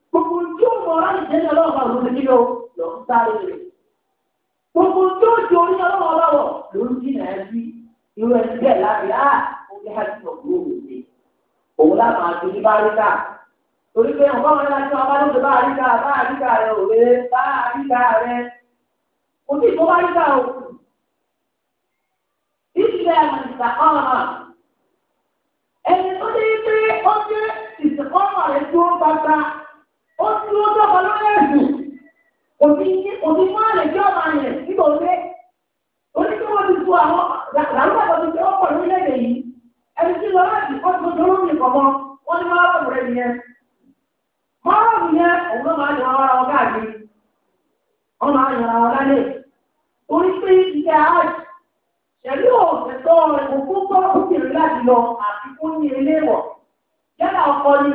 Speaker 1: Gbogbo tí ó mọ̀ ọ́rọ́ ìjẹ́ ní ọlọ́run bá lòdì kí ló lọ ń sáré rẹ̀. Gbogbo tí ó di orí ọlọ́run ọlọ́wọ̀ ló ń jìnà ẹ́ sí irú ẹni bẹ́ẹ̀ lábẹ́ á omi hajj náà kúrò lòdì. Òun láwọn àti ní ilẹ̀ ìsàkọ́mà. Ẹni tó ní pé ó jẹ́ ìsìnkọ́mà rẹ̀ tó gbàgbà, ó tí ó dọ́gba lórí ẹ̀sùn. Òbí òbí mọ́ àlẹ́ jọ́ máa yẹ̀ nígbà òde. Oníṣòwò ti tu àwọn làlúwà tó ti fi ọkọ̀ lórílẹ̀-èdè yìí. Ẹni tí lọ́wọ́ ẹ̀sìn kọ́ tó tó lórí ìkọ̀mọ́, wọ́n ní máa rọ̀ rẹ̀ nìyẹn. Máa rọ̀ nìyẹn, òun ló máa yọ̀ ọ́ ọ́ káàkiri. Wọ́n máa yọ̀ ọ́ lálẹ́. Orí pé ìṣẹ́ àájì pẹ̀lú òṣètò ìbùkún tó kùkìrì láti lọ àfikún ní ilé wọ̀ yálà ọkọ ni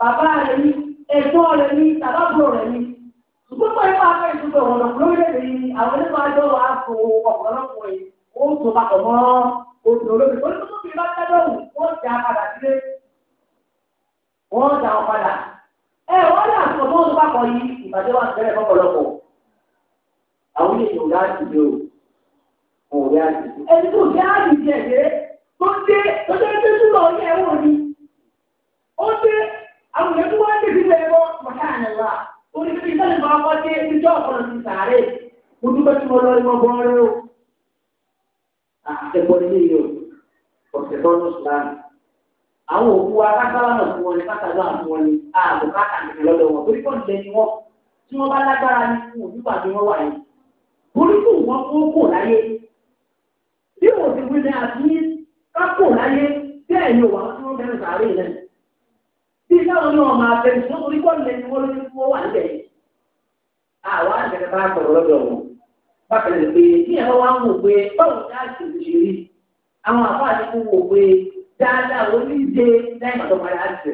Speaker 1: bàbá rẹ̀ ni ẹ̀gbọ́n rẹ̀ ni tàbábùrọ̀ rẹ̀ ni ṣùgbọ́n pẹ̀lú afẹ́ ìṣúgbọ̀ ọ̀nà lórílẹ̀-èdè yìí àwọn onígbà àjọ wa fò ọ̀pọ̀lọpọ̀ ẹ̀ ó tó papọ̀ mọ́ oṣù olóbi tó ní tó tóbi bá dájọ́ wù wọ́n já padà sílé wọ́n já wọn padà ẹ wọ́n ní àtúntò tó papọ̀ yìí ìbàjẹ́ wa ń tẹ́lẹ̀ fọ́pọ̀lọpọ̀ àwọn èèyàn ò dá ìdí o kò rí àdìsí. ẹni tó rí àdìsí ẹ̀dẹ́ tó dé tó dé tó tún lọ ní ẹ̀wọ̀n ni. ó dé àwọn èèyàn tó wá ń tètè lè bọ́ màkà àyẹ̀wò à. orí bíbí sẹ́ni máa wá dé ìjọ ọ̀pọ̀lọ̀ ti sàárè. mo dúpẹ́ tí mo lọ ní wọn bọ́ọ̀rẹ́ o. àtẹ̀kọ́ nílé yìí o ọ̀sẹ̀ tó ń lọ sùn láàmì. àwọn òkú wa kásáwá náà fún wọn ní kásádọ́ àfún wọn ní ààbò káàkiri lọ́dọ̀ wọn torí kọ́ńtì tí wọ́n bá lágbára ní fún òdúgbà tí wọ́n wà yìí. Burúkú wọn kó kò láyé bí mo ti wí ní kápò láyé bẹ́ẹ̀ ni òwà tó ń bẹ̀rẹ̀ sàárè rẹ̀. bí káwọn náà máa bẹ̀rẹ̀ sí lóko nígbà lẹ́yìn wọ́n lórí fún wọn wà níbẹ̀ yìí. àwa àgbẹ̀rẹ̀ bá sọ̀rọ̀ lọ́dọ̀ wọn. bákan lè pe kí ẹ̀rọ wa ń wò pé báwo ni a sì lè rí àwọn àbá ti kú wò pé dáadáa wo ní ṣe lẹ́yìn àtọ́ padà á ṣe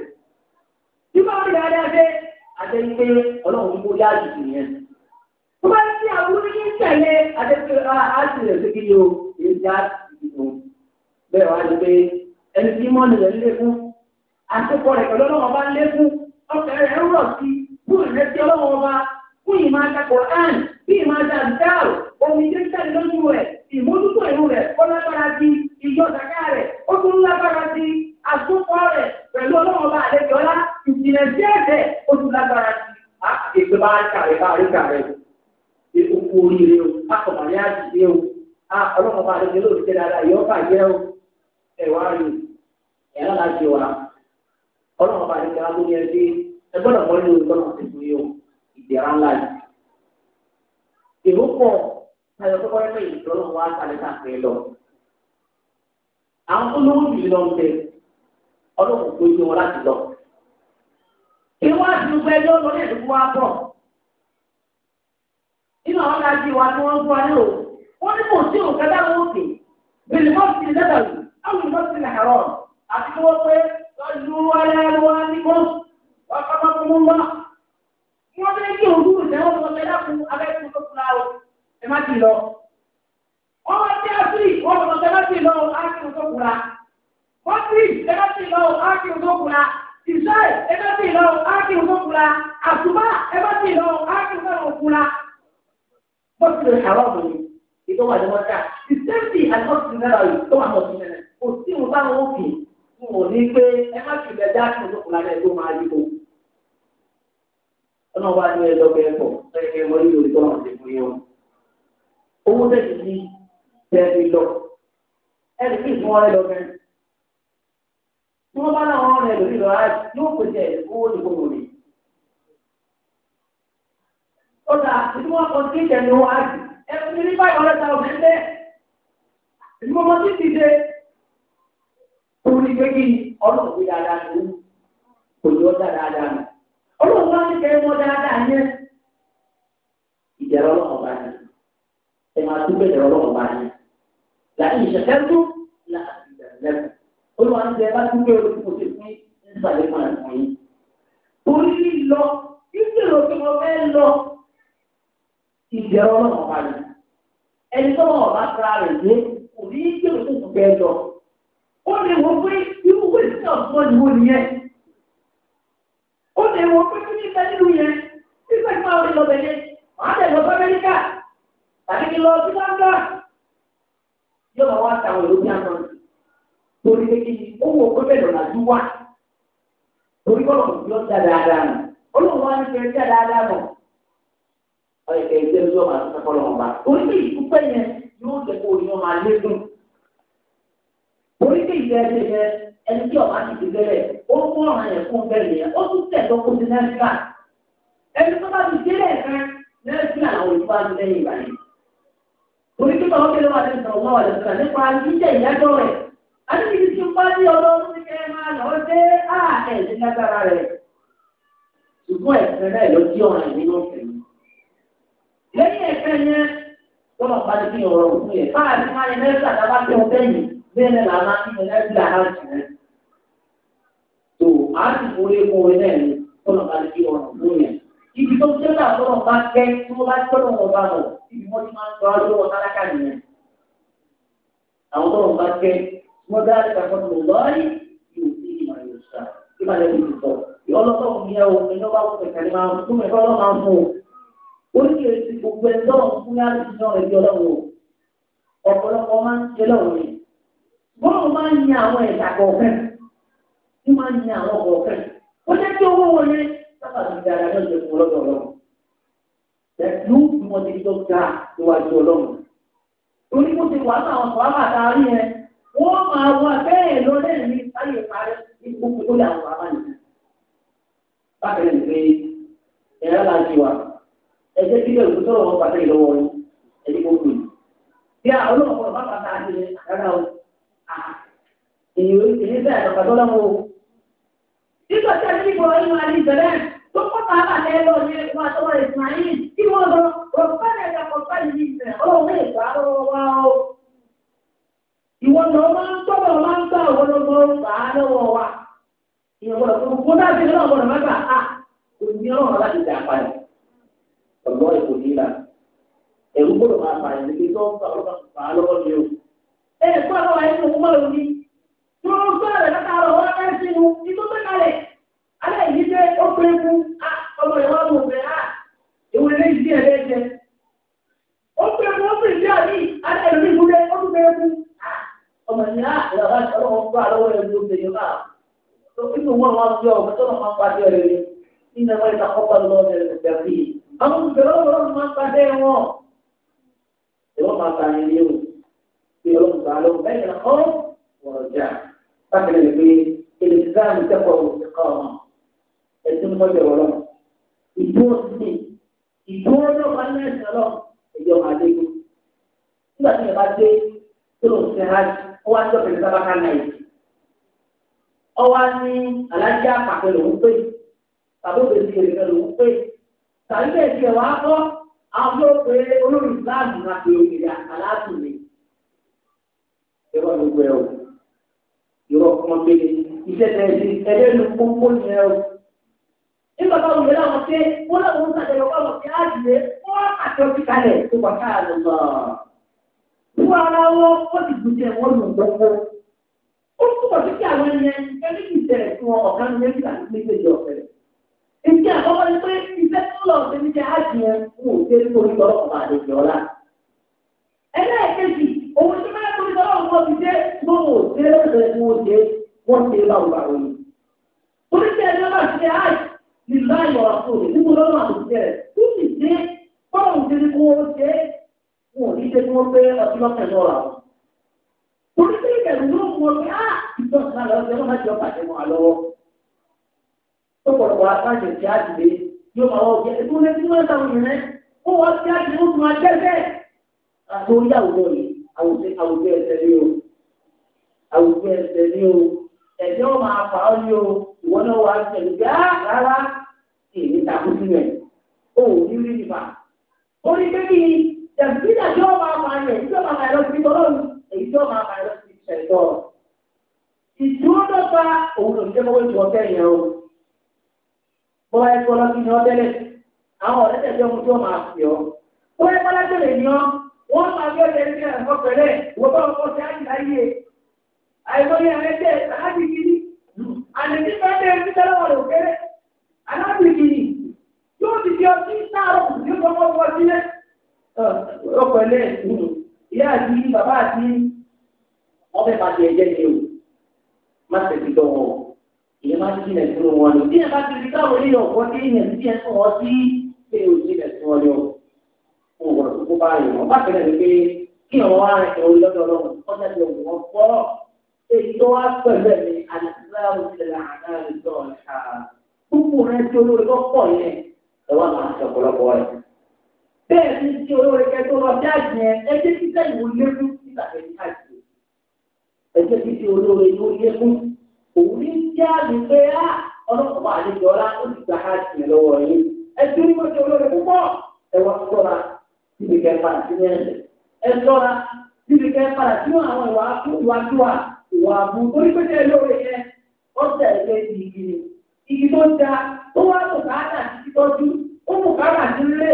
Speaker 1: tó bá ti àbúrò yín tẹ̀lé àdéhùn àtìlẹ̀ sí kí yóò èyí á ti fún bẹ́ẹ̀ wá ní pé ẹni tí mọ́ ni rẹ̀ ń lékún àtẹ̀kọ́ rẹ̀ pẹ̀lú ọlọ́wọ́ bá ń lékún ọkẹ́ rẹ̀ ń rọ̀ sí fún ìrẹsì ọlọ́wọ́ bá fún ìmọ̀ àtàkọ̀ àn bí ìmọ̀ àtàkọ̀ omi tí ń lójú rẹ̀ ìmójútó ìlú rẹ̀ ó lágbára di ìjọ dàgá rẹ̀ ó tún lágbára di àtúnkọ́ rẹ̀ pẹ̀lú ọlọ́wọ́ bá àlejò ọlá ìjìnlẹ̀ díẹ̀ bẹ́ẹ̀ ó tún lágbára di àti ìgbà àkàrẹ̀ àríkàrẹ̀ kú oríire o a kò mà ní àdìsí o a ọlọ́mọ bá àdìsí lóòótọ́ ṣe dáadáa ìyọ́ bàjẹ́ o ẹ̀ wá rí ẹ̀ lára ṣe wà ọlọ́mọ bá àdìsí alágbó ní ẹbí ẹ gbọ́dọ̀ mọ ilé ìtọ́nà ti fún yìí o ìdẹ̀ra ńlá yìí. èrò pọ̀ táyọ̀ tó kọ́rẹ́ pé ìtọ́nà wa sálẹ̀ káàkiri lọ. àwọn tó lówó lọ ń bẹ ọlọ́mọ gbójú wọn láti lọ. ìwádìí gbẹjọ́ nínú àwọn ọ̀gájú wa tí wọ́n ń gbọ́ ní o wọ́n ní kò sí òǹkà dáhùn òkè bẹ̀rẹ̀ mọ́tì lẹ́dàlú àwọn mọ́tì lẹ́hàrọ̀ àti kí wọ́n pé lọ́jú aláwọ̀ nígbó wọ́n kọ́ máa fún wọn. wọ́n fẹ́ kí òru ìdẹ́wọ́ sọ pé dákun abẹ́kùn tó kura o ẹ má ti lọ. wọ́n wá sí àfírí wọ́n sọ pé láti lọ ákìrù tó kura. ìṣe ẹ ti lọ ákìrù tó kura. àtùmá ẹ ti lọ ákìrù tó kura mọ́tìlẹ̀ àrọ́ọ̀mù ni ìtọ́ wà ní wọ́n dà the same thing as mọ́tìlẹ̀ náírà yìí tó wà mọ́tìlẹ̀ náírà kò sí òun báwọn ó fi fún òun ní pé ẹ má fi ilẹ̀ dá sí ìlúkùnrin alẹ́ tó máa yípo. ọ̀nà wa ni ẹ lọ́gbẹ́ ẹ̀kọ́ ẹ̀ wọ́n yóò tọ́ àwọn ìdìbò yẹn o. owó tẹ̀sí ní tẹ̀sí lọ ẹ̀rí kí ìfún ọ̀rẹ́ lọ́gbẹ́. tí wọ́n bá láwọn ọ̀rẹ́ lórí lọ́ra ó dà ìdí wọn kọ sí ìjẹ̀ ní wàá jù ẹ fún mi ní báyìí ọ̀rẹ́ ta ọ̀gbẹ́ ńlẹ̀ ìdí wọn kọ sí ti dé torí pé kí ọlọ́run fi dáadáa ní kò ní ọ́ dáadáa ní ọlọ́run wá ní kẹ́rin wọn dáadáa ní ìjẹ̀rọ ọlọ́run bá ní ẹ máa dúpẹ́ ìjẹ̀rọ ọlọ́run bá ní láti ìṣẹ̀kẹ́ tó láti ìjẹ̀rẹ̀ lẹ́kọ̀ọ́ olùwà ń bẹ bá dúpẹ́ olùkú ti pín nísàlẹ̀ máa ń pín. Orí lílọ, ìṣèlú tí mo fẹ́ lọ ìbẹ̀rẹ̀ ọlọ́run ọba yìí ẹni tó wọn ọba fúra rẹ̀ lé kò ní í ó lè wọ pé irú ọ̀sán nìyẹn ó lè wọ pé kí ní ìfẹ́ nínú yẹn ìfẹ́ bẹ̀yẹ tẹ̀lé ọ̀sán tàbí kí lọ sí yóò wá bí pé ọmọ àti sẹ́kọ́ lọ́wọ́ bá. Orí pé ìdúpẹ́ yẹn yóò jẹ́ kó oyin ọmọ alẹ́ dùn. Orí pé ìgbà ẹ̀jẹ̀ yẹn ẹni tí ọmọ àti ìgbẹ́rẹ̀ ó fún ọ̀ràn yẹn fún bẹ́ẹ̀ yẹn ó tún tẹ̀ tó kó sí nẹ́ẹ̀fà. Ẹni tó bá ti dé lẹ́ẹ̀kan nẹ́ẹ̀fà àwọn ìfọ́ àti lẹ́yìn ìgbà yẹn. Orí pé bàbá kẹlẹ́ wà lẹ́sìn ọ̀gbọ́n wà lẹ́sìn ọ̀gbọ́n nípa jíjẹ ìyájọ́ rẹ̀. Adébíyí ti bá ní ọlọ́run ní kẹ́ máa lọ dé ààrẹ ìdílágbára rẹ̀. Ṣùgbọ́n ẹ̀sìn rẹ̀ ló jí ọ̀ràn ìdílọ́fẹ̀ẹ́ yẹn tọ́lọ̀ bá ti fi ọ̀rọ̀ òkú yẹn báà ti máa yẹ mẹ́rin àtàbá tí wọ́n bẹ́yìn bẹ́ẹ̀ náà máa ti yẹ mẹ́rin àtàbá tì rẹ̀. tó a ti forí epo rẹ̀ náà ni tọ́lọ̀ bá ti fi ọ̀rọ̀ òkú yẹn. ibi tó ṣe náà tọ́lọ̀ bá kẹ́ tí wọ́n bá tọ́lọ̀ wọn bá lọ ibi wọ́n ti máa ń tọ́ alówó tálákà nìyẹn. àwọn tọ́lọ̀ bá kẹ́ wọ́n dá ìtàkùn lọ́ọ̀rì yóò oríṣiríṣi gbogbo ẹ̀ tọ́lọ̀ ń fún yan ẹ̀jẹ̀ ọlọ́run ọ̀pọ̀lọpọ̀ máa ń ṣe lọ́wọ́ ni bọ́ọ̀lù máa ń yan àwọn ẹ̀dà kọ̀ọ̀kan ní máa ń yan àwọn kọ̀ọ̀kan ó jẹ́ kí owó wọlé sábà ti náà jẹ fún ọlọ́dọ̀ ọlọ́run ẹ̀dú ni wọ́n ti tó ga níwájú ọlọ́run torí mo ti wà láwọn kọ̀ àbàtà yẹn wọ́n máa wá bẹ́ẹ̀ lọ lẹ́yìn ní sáyè parí ipò tó lè àwọn àbáyé bákan ní pé ẹ̀rọ ẹ jẹ́ kí bẹ́ẹ̀ sọ̀rọ̀ wọn pàtẹ́ ìlọ́wọ́ yín ẹni kò gbìn. bí a olóòkọ̀ bá bàtà àti àdára o èyí ò ní bẹ́ẹ̀ lọ́kà tó lọ́wọ́ o. nígbà tí a ti bọ̀ inú àlè ìbẹ̀rẹ̀ tó kọ́ta àbàlẹ́ lọ ní ẹ̀kọ́ àtọwọ́ ìsmáyé tí wọ́n lọ rọ̀fẹ́lẹ̀ ẹ̀dàpọ̀ báyìí ní ìbẹ̀rẹ̀ ọlọ́run ẹ̀gbá lọ́wọ́ wa o. ìwọ ni wọ́n máa ń tọ́lọ̀ máa ń gbà wọ́n lọ́wọ́ gbà á lọ́wọ́ wa. ìyẹn gbọ́dọ̀ fún gbọ́dọ̀ àti ìlú ọ̀gbọ́dọ̀ mẹ́ta à òní ọlọ́run aláṣẹ ọ̀gbọ́n èkó nílà ẹ̀rú gbọ́dọ̀ máa fà yín níbi tó ń fà ọ́ fà á lọ́wọ́ ni o.
Speaker 2: ẹ ẹ fún àwọn ẹni
Speaker 1: òun máa wuli tí wọ́n gbọ́ ẹ̀rẹ̀ kàkà rọ̀ wọ́n fẹ́ sí inú inú pé kalẹ̀ alẹ́ yìí dé ó pé kú ọmọ ìwà mò ń bẹ̀ á ìwé lé ìdí ẹ̀ lẹ́jẹ̀ ó pé kú ó pè ní àbí alẹ́ ìlú ìwúlẹ̀ ó tún kú ọmọ ìyá ìyàwó àti ń bẹ̀ yẹn àwọn olùbẹ̀rẹ̀ ọlọ́run máa ń padẹ́ wọn. ìwọ́n máa ta ẹni o pé ọlọ́run bá lọ bẹ́ẹ̀ ni ọ́ wọ̀rọ̀ jà bákan náà pé èdè sáàmù tẹ́kọ̀ọ́ òsì kọ́ ọ̀nà ẹ̀sìn mọ́jọ ọlọ́run ìdúró sí ìdúró náà máa ń lẹ́sìn ọlọ́run ìjọ àdéhùn nígbà tí ìyẹn bá dé tó lòun ti hajj ó wá ń jọ pẹ̀lú sábàkà náà yìí ọwọ́ á ní alájà àpàkẹ́ lòun pé tàbí òbí tàbí ẹ̀jẹ̀ wá kọ́ àwọn pé olórí ìsìláàmù náà pé òkèèrè àkàlàtù ni. ìrọ̀ gbogbo ẹ̀ o ìrọ̀ kan péré iṣẹ́ tẹ̀sí ẹlẹ́nu pópó ni ẹ o. nígbà tó wùlé láwọn pé wọ́n láwọn ń sàtẹ̀lẹ́ wọ́n wọ́n fi àdìyẹ wọ́n àtẹ òkè kalẹ̀ tó wà ká àlọ́. fún ara wọn wọ́n ti gbèsè wọn lù gbogbo. ó túbọ̀ sí kí àwọn ẹni ẹni kì í ṣẹlẹ̀ fún ọ̀gá Ìṣẹ́ àkọ́kọ́ ni pé iṣẹ́ tó lọ sí níṣẹ́ ájì yẹn ń wò ṣe nítorí ọlọ́run ọ̀la. Ẹlẹ́ẹ̀kejì, òun ti máa ń torí ọlọ́run kan ti dé mo wò ṣe lọ́sẹ̀ mo ṣe wọ́n ṣe báwo báwo ni. Oníṣẹ́ ẹni ọba ṣe ájì ní láàyò àpò rẹ̀ nígbà ọlọ́run àtúnṣe rẹ̀ tó sì ṣe báwọn ṣe ní ṣe kí wọ́n pé ọtí lọ́kàn pé ah, á ìtọ́sí tó pọ̀lọpọ̀ aṣáájú ti àdìgbé yóò máa wọ ọ̀gẹ́ ìdúró lẹ́sìn wọn táwọn yìí ó wọ́n ti àdìgbé ó tún àjẹ́sẹ̀. àtòrí àwùjọ yìí àwùjọ ẹsẹ̀ ni o àwùjọ ẹsẹ̀ ni o ẹ̀jẹ̀ wọn máa fà ọ́ ní o ìwọ náà wà á tẹ̀lé gbá rárá èmi tàbí sínú ẹ̀ o ò ní rí nípa. ó ní pé kí dàbídà tí wọ́n máa máa yẹ èyí tí wọ́n máa máa lọ sí ọlọ́run èyí tí wọ́n máa máa lọ sí ìṣẹ̀lẹ̀ tọ̀. ìdúró dọ́gba òun ló jẹ́ mọ́wé tí wọ́n o. bọ́wá ẹ̀kọ́ lọ́sí ni ọ́ tẹ́lẹ̀ àwọn ọ̀rẹ́ tẹ̀lé ọmọ tí wọ́n máa fi ọ́ bọ́wá ẹ̀kọ́ lágbèrè ni ọ́ wọ́n máa ẹ̀kọ́ pẹ̀lẹ́ wọ́n bá àìmọye àrẹ́tẹ̀ alábìkiri pẹ́ẹ́tẹ́ tẹ́lẹ̀wọ̀ rẹ̀ òkèrè alábìkiri yóò ti di ọtí sáàrọ̀ ní ìyẹn máa ń jìnà sí wọn ni bí ẹ bá ti rí káwọn èèyàn ọ̀pọ̀ dé èèyàn sí ẹ sọ̀rọ̀ sí pé o jìnà sí wọn ni o kò wọ̀ kó bá rìn wọn bá tẹ̀lé ní pé kí ọ̀rọ̀ wa rẹ̀ kẹ́ lọ́dọ̀ lọ́wọ́ ọ̀sẹ̀ ti ògùn wọn pọ̀ èyí tó wá pẹ̀lú ẹ̀mí alìsíláàmù tẹ̀lé àdáyé tó ọ̀ṣà púpù rẹ̀ tí olórí kọ́ pọ̀ yẹn ẹ wá máa ṣe ọ̀pọ̀lọpọ̀ rẹ̀ bẹ́ẹ̀ ni tí olórí kẹ́ tó lọ jẹ́ àlùpé á ọlọ́pàá àlejò ọlá ó ti gbà á jìnnà lọ́wọ́ yìí ẹtún ní wọ́n ti olórí púpọ̀ ẹ wá sọ́ra síbi kẹfà sínú ẹ̀jẹ̀ ẹ sọ́ra síbi kẹfà sínú àwọn ìwà ìwàdúwà ìwà àbú torí pé tẹ́ lóore yẹn ó tẹ̀lé igi ni igi tó da tó wá tó káàdà títí tọ́jú ó mú káàdà sí lé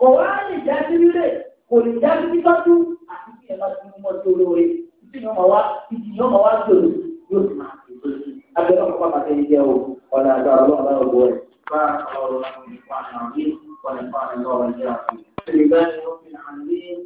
Speaker 1: kò wá lè já sí lé kò lè já títí tọ́jú àti kí ẹ bá tún mọ́ tó lóore títí yóò máa wá títí yóò máa wá gbèrò yóò sì máa gbèrò sí i. abẹ́rẹ́ ọ̀pọ̀ pàtàkì yìí jẹ́ o ọ̀nà àgbà ọlọ́run náà gbọ́ ẹ̀.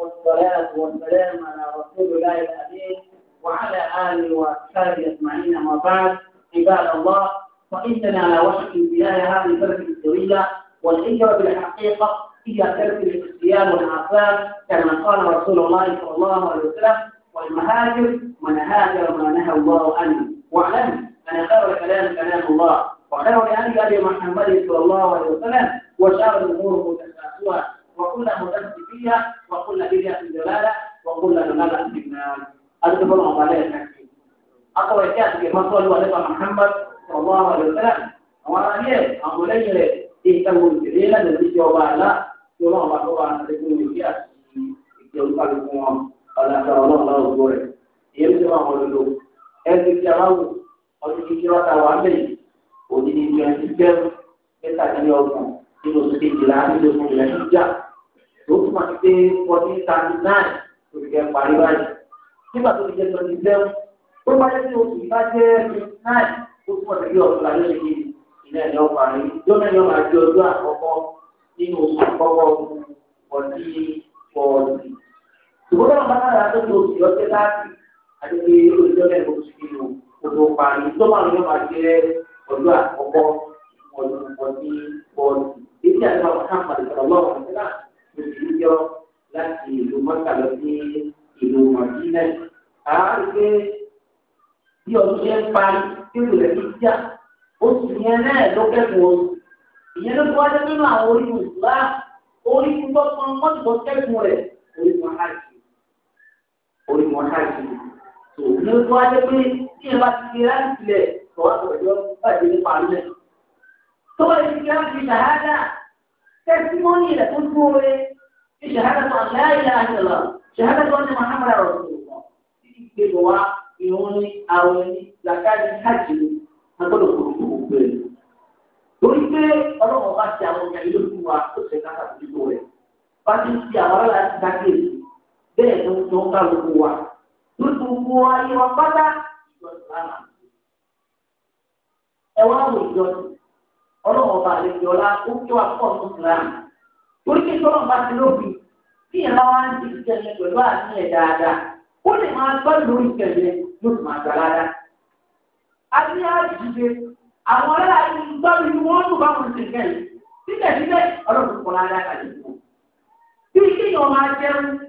Speaker 1: والصلاة والسلام على رسول الله الأمين وعلى آله وأصحابه أجمعين أما بعد عباد الله فإننا على وشك انتهاء هذه الفرقة الدولية والهجرة بالحقيقة هي ترك الاختيار والعفاف كما قال رسول الله صلى الله عليه وسلم والمهاجر من هاجر ما نهى الله عنه واعلم أن خير الكلام كلام الله وخير لأني أبي محمد صلى الله عليه وسلم وشار الأمور متساقوة وكل مدرس فيها وكل بدعة دلالة وكل جلالة في النار هذا كله مبالغ نفسي أقوى في مصر هو محمد صلى الله عليه وسلم وأنا أقول أبو ìtẹ̀wò ìdílé lẹ́nu tí ọba àlá tí ọlọ́run bá tó bá ń tẹ́kùn ní ìdí àti ìdí olúkálukú wọn الله ọlọ́run lọ́wọ́ rẹ̀ èyí ló máa ẹsẹ̀ tí a bá wò ọdún kìkì ọ̀tá wà lẹ́yìn òní ní twenty seven mẹ́tàdínlọ́gbọ̀n nínú oṣù kejìlá nínú oṣù kejìlá ní ìjà tó tún máa ti dé fourteen thirty nine tó fi kẹ́ parí báyìí nígbà tó fi jẹ́ twenty seven tó bá yẹ kí oṣù yìí bá jẹ́ twenty nine tó tún ọ̀sẹ̀ bí ọ̀sùn la yóò ṣe ilé ẹ̀yọ́ parí jọ́nà yóò máa di ọjọ́ àkọ́kọ́ nínú oṣù àkọ́kọ́ fourteen forty. ṣùgbọ́n bá bá dára tó ti oṣù yọ àdéhùn yóò jọ bẹ́ẹ̀ kó sì nínú odò parí tó máa ń yọ máa jẹ́ ọjọ́ àkọ́kọ́ ọdún ọdún bọ́ọ̀lù èyí àti àwọn káàmàlì sọ̀rọ̀ lọ́wọ́ ló láti ìlú mọ́tà lọ sí ìlú mọ̀jínà àárí pé bí ọdún ṣe ń parí bí ìrẹ̀lẹ̀ ti jà oṣù yẹn náà ló kẹ́kọ̀ọ́ ìyẹn ló wáyé nínú àwọn orígun ìgbà orígun tó pọn mọ́tò tó kẹ́kọ̀ọ́ rẹ̀ orígun hajj orígun hajj tó ní wọ́n wá jẹ́ pé kí ẹ bá ti fi láti lẹ̀ tọ́wọ́ tọ̀jọ́ bàjẹ́ nípa lẹ̀. tó wọ́n ti fi láti fi ṣàhádà tẹ́símọ́nì rẹ̀ tó dúró rẹ̀ fi ṣàhádà tó àlẹ́ àìlẹ́ àjọlọ ṣàhádà tó ní mahamadu rọ̀ tó wọ̀ títí gbé bọ̀ wá ìrún ní àwọn ẹni làkàdé káàkiri agbọ́dọ̀ kò tó gbogbo ẹ̀. torí pé ọlọ́run bá ti àwọn ọ̀gá ilé wa tó ṣe ká bá ti fi àwọn ará láti ń tán kálukú wa ní gbogbo ayé wa pátá ẹ wá wò ìjọ ọlọ́wọ́ ọba àlejò ọlá ó kí wa pọ̀ tó ti torí kí tọ́lọ́ bá ti lópin kí yẹn bá wá ń di ìjẹ̀lẹ̀ pẹ̀lú àmì ẹ̀ dáadáa ó lè máa gbọ́ lórí sì máa gbà àwọn wọ́n síbẹ̀síbẹ̀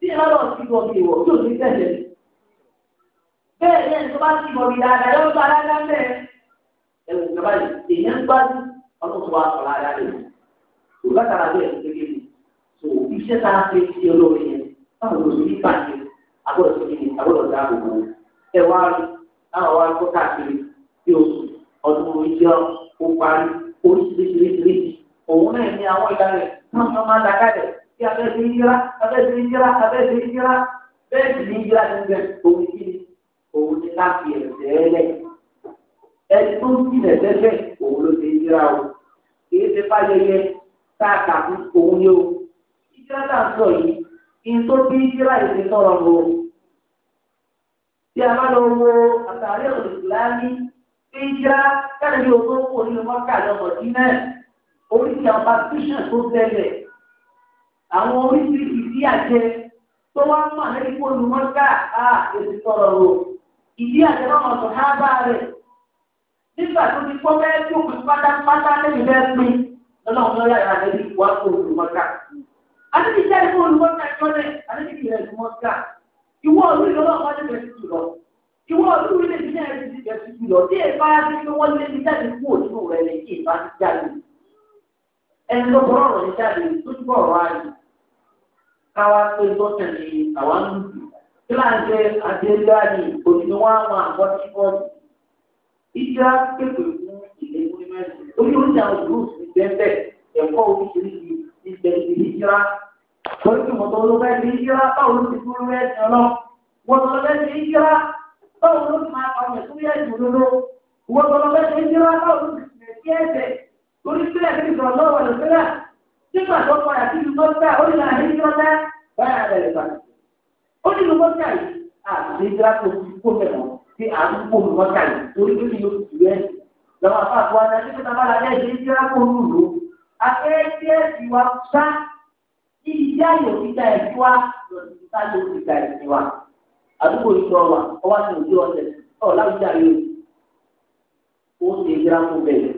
Speaker 1: tí ẹ bá lọ sí ìwọ bí ìwọ tó ní tẹ̀lé bẹ́ẹ̀ ní ẹni tó bá sí ìwọ bí dáadáa yóò tó alága ń bẹ̀ ẹ wò ìjọba yìí èèyàn ń gbádùn ọdún tó wà sọ lára rẹ̀ kò bá tara bẹ́ẹ̀ gẹ́gẹ́ bí so iṣẹ́ tá a fi ṣe olóore yẹn báwo ló ní bàjẹ́ agbọ́dọ̀ sí ní agbọ́dọ̀ dá gbogbo ẹ wá rí àwọn wá tó káàkiri bí oṣù ọdún ìjọ ó parí oríṣiríṣiríṣiríṣi òun náà ní àwọn ìdá rẹ̀ náà tó máa ń dakalẹ̀ kí abẹ́sẹ̀ yíra abẹ́sẹ̀ yíra abẹ́sẹ̀ yíra bẹ́ẹ̀ sì ní yíra ti bẹ̀ òun kí ni òun ni ká fi ẹ̀sẹ̀ ẹlẹ̀ ẹni tó ń jìnà ẹ̀sẹ̀ òun ló ti yíra o kì í ṣe fáyẹyẹ tá a kà fún òun ni o yíra tá a sọ yìí kí n tó bí yíra yìí ti sọ̀rọ̀ o tí a bá lọ wo àtàrí ọ̀dọ̀ ìsìlámì tí yíra káàdì òkú òní ló mọ́ káàdì ọ̀dọ̀ oríṣi àwọn patrician tó tẹ̀lé àwọn oríṣiríṣi ìdí àjẹ tó wá ń mọ àlẹ́bí kó lu mọ́ká á èsì sọ̀rọ̀ o ìdí àjẹ náà wọ́n sọ hábà rẹ̀ nígbà tó ti kọ́ bẹ́ẹ̀ tó pin pátápátá lẹ́yìn bẹ́ẹ̀ pin lọ́nà ọ̀nà ọ̀yà ìyá àlẹ́bí wá kó lu mọ́ká. àlẹ́bí jẹ́ ìfún olùmọ́ká ìjọ́lẹ̀ àlẹ́bí kìlẹ̀ lu mọ́ká ìwọ òlú ìlọ́lọ́ ọ̀pá ìwọ ọdún ilé ìdílé rẹ ti bẹ tuntun lọ tí èèpá ti fi wọn lé ní jáde kú òtún rẹ lè kí èèpá ti jáde ẹni ọ̀rọ̀ ní jáde tó túbọ̀ ọ̀rọ̀ ayé káwá pé tọ́tẹ̀ ni àwọn ń dùn. Kí láà ń jẹ́ àdéhùdáàdì òní ni wọ́n á máa bọ́ sí bọ́ọ̀lù. Ìjà pèpè fún ìlé ìwé mẹ́rin. Orí oúnjẹ àwọn groups ti bẹ́ẹ̀ ẹ̀kọ́ oríṣiríṣi ti bẹ̀rẹ̀ sí ìjírá. Torí kí mọ̀tọ́ ló fẹ́ di ìjírá báwo ló ti dúró ẹ̀sìn ọlọ́. Mọ̀tọ́ ló fẹ́ di ìjírá báwo ló ti máa ọ̀yàn tó yẹ ìdúró nígbà tó padà sí ìlú gbọ́dá ó nílò àyè ìjọba báyà rẹ̀ lè bàtà. ó nílò gbọ́dá yìí àti ìjọba tó ti kó mẹ́wọ̀n tí a ń kó lù gbọ́dá yìí torí pé kí ló ti rẹ̀ lọ́wọ́ àpá àpò àná ní pẹ́tà bára lẹ́yìn tí ìjọba kó lù lò. akẹ́kẹ́ ìwà sá ìyá yóò fi ta ẹ̀sìn wa lọ́dún tí ká yóò fi ta ẹ̀sìn wa. àdúgbò ìjọ wa ọwọ́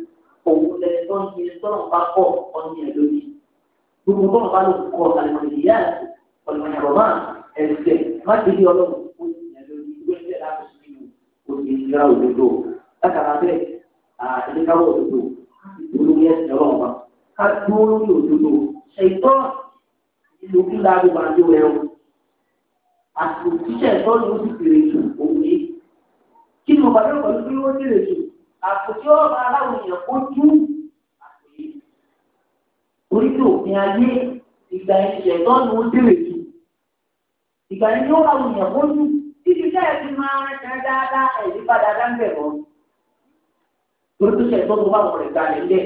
Speaker 1: òun lẹni tó ń di ẹni tọ́nà bá kọ́ ọ̀nì ẹ̀ lórí. Gbogbo tọ́nà bá lò kọ́ àlùmọ̀lìyá ọ̀lùmọ̀lùmọ̀ ẹ̀sẹ̀ má ti di ọlọ́run kó ní ẹ̀ lórí ìwé ẹ̀ láti fi kò ní ìlera òdodo. Látara bẹ́ẹ̀ àdékáwọ̀ òdodo olórí ẹ̀sìn ọlọ́run wa ká dúró lórí òdodo. Ṣèyítọ́ ìlú kíla gbogbo àjọ ẹ̀ o. Àtùtíṣẹ̀ tọ́lù ó sì fèrè jù òun yìí. Kí ni mo bàdé ọ̀pọ̀ àpòtí ọ̀rọ̀ aláwọ̀ èèyàn kó jú orí tó òfin ayé ìgbà ìṣẹ̀ tán ni ó dèrè jù ìgbà yẹn ni ó ra òyìnbó kó jú títí táyà ti máa ń rìn dáadáa ẹ̀dí padà dáńbẹ̀ mọ́ torí tó ṣẹ̀ tó tó bá wọ̀ rẹ̀ kalẹ̀ lẹ̀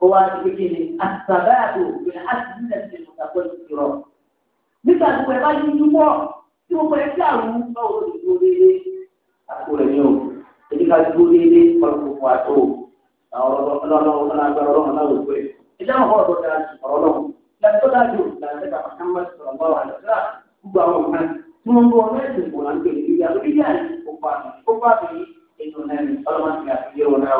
Speaker 1: ó wá ti kékeré àtàbáyàtò òfin àti nílẹ̀ ti mọ̀ sàkó ìṣòro nígbà tó ẹ bá yíjú pọ̀ tí mo pẹ̀ sí àrùn báwo ló ti Jadi ká dúró ini perlu fún àtó orang orang ọlọ́run orang wò pé ẹjẹ́ àwọn ọ̀rọ̀ tó dára jù ọ̀rọ̀ lọ́wọ́ dan kita dájú láti ká pàṣẹ sọ̀rọ̀ bá wà lọ́sọ̀rọ̀ gbogbo àwọn nǹkan tí wọ́n ń bọ̀ ọ̀rọ̀ ẹ̀sìn kò láńpẹ̀ ìgbéga lórí yà ní kópa kópa mi ètò náà ní ọlọ́run ti àfihàn wọn náà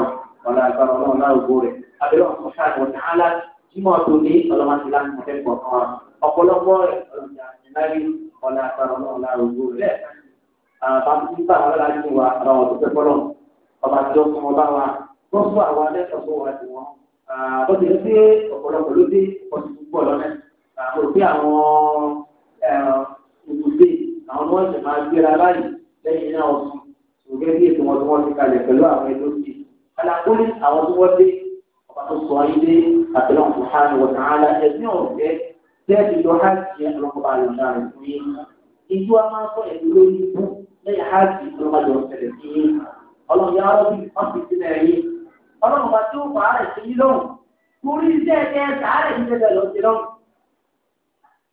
Speaker 1: ọ̀la agbára ọlọ́run náà wò rẹ̀ abẹ́rẹ́ ọ̀sán ṣáà wọ̀ ní hálà jímọ̀ tó ní ọlọ́run ti láǹkọ̀ọ́ ọ̀pọ̀lọpọ̀ rẹ̀ ọ̀la agbára ọlọ́run àbájú ah, bá wa lájú wa àwọn ọ̀dọ́fẹ́ fọlọ́ ọba jọ fún ọba wa wọ́n fún àwa lẹ́sọ̀ fún wa jù wọ́n. Ah, bọ́sì ní pé ọ̀pọ̀lọpọ̀ ló dé ọ̀sùn púpọ̀ lọ́nà ah, àwọn òbí eh, àwọn ìbùdó àwọn ni wọ́n sì máa gbéra láyè lẹ́yìn náà ọ̀sùn ògẹ́ bí ètò wọn tí wọ́n ti kalẹ̀ pẹ̀lú àwọn ẹgbẹ́ òkè. alákólé àwọn tí wọ́n dé ọba tó sọ ayé dé àtẹlẹ́ ọ̀sán wọ̀tàn ààlà ẹ̀sìn ọ̀gẹ́ tẹ́ẹ̀tì lẹ́yìn háàkì ló máa yọ ọ̀sẹ̀lẹ̀ sí yín ọlọ́run yàrá bí wọ́n ti sílẹ̀ yín ọlọ́run bá tí ó fà á rẹ̀ sí yín lọ́hùn torí iṣẹ́ ẹ̀kẹ́ sàárẹ̀ yín lẹ́bẹ̀ lọ sí lọ́hùn.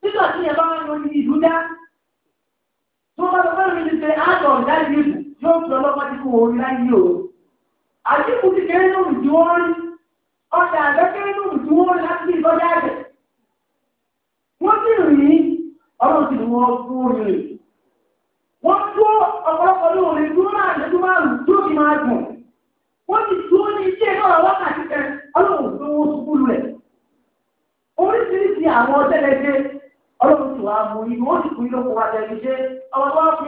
Speaker 1: nígbà tí yẹn bá wà lórí ìlú dá tó bá lọ fẹ́ràn mi pé àtọ̀ ìdájí yóò fi ọlọ́pàá ti kú orí ọjà àgbẹ̀ kéré lóhùn láti ìtọ́jà wọ́n sì rí ọlọ́run ti wọ́n wọ́n tó ọ̀pọ̀lọpọ̀ ní òní dúró náà ní dúró márùn tó fi máa dùn wọ́n ti ní iṣẹ́ náà wákàtí kẹ ọlọ́run tó wọ́n sùkúlù rẹ̀ oríṣiríṣi àwọn ọ̀tẹ́lẹ̀dẹ́ ọlọ́run tó wà mú inú ó sì kú inú kó wa tẹ̀lé iṣẹ́ ọmọ tó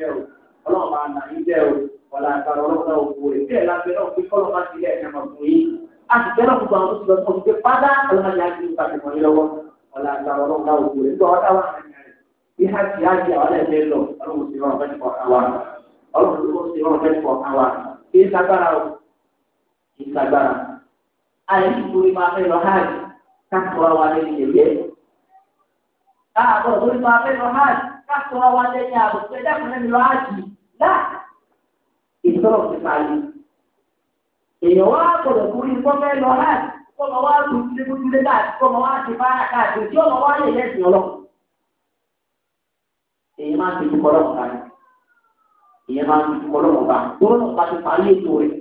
Speaker 1: jẹ́ o ọlọ́run bá nà yín jẹ́ o ọ̀là àgbàrá ọlọ́run náà wò rẹ̀ bẹ́ẹ̀ lábẹ́ náà pé kọ́lọ́ bá tilẹ̀ ẹ̀ máa fún yín a ti jẹ́ náà gbogbo àwọn oṣù lọ́sọ̀ wípé pátá ọlọ́run yà á ti nípa tẹ̀mọ́ yín lọ́wọ́ ọ̀là àgbàrá ọlọ́run náà wò rẹ̀ nígbà wọ́n táwọn àrẹ̀ ìhà tí a jẹ́ àwọn ẹ̀mí lọ ọlọ́run sì rán ọ̀fẹ́ nípa ọ̀kan wa ọlọ́run sì rán ọ̀fẹ́ nípa ọ̀kan wa kì í sagbára o kì í sagbára ayé kásọ̀rọ̀ wa lẹ́yìn ààbò pé dákun lẹ́nu lọ́wọ́ àjì náà ìsọ̀rọ̀ ti parí. èèyàn wá gbọdọ̀ kúrí gbọ́fẹ́ lọ náà kó ọmọ wá tún ti kúndé káàkiri kó ọmọ wá ti fara káàkiri tí ọmọ wá yẹ lẹ́sìn ọlọ́run. èèyàn máa ń fi ìdúkọ́ lọ́wọ́ parí. èèyàn máa ń fi ìdúkọ́ lọ́wọ́ parí. tó lọ́wọ́ bá ti parí ètò rẹ̀.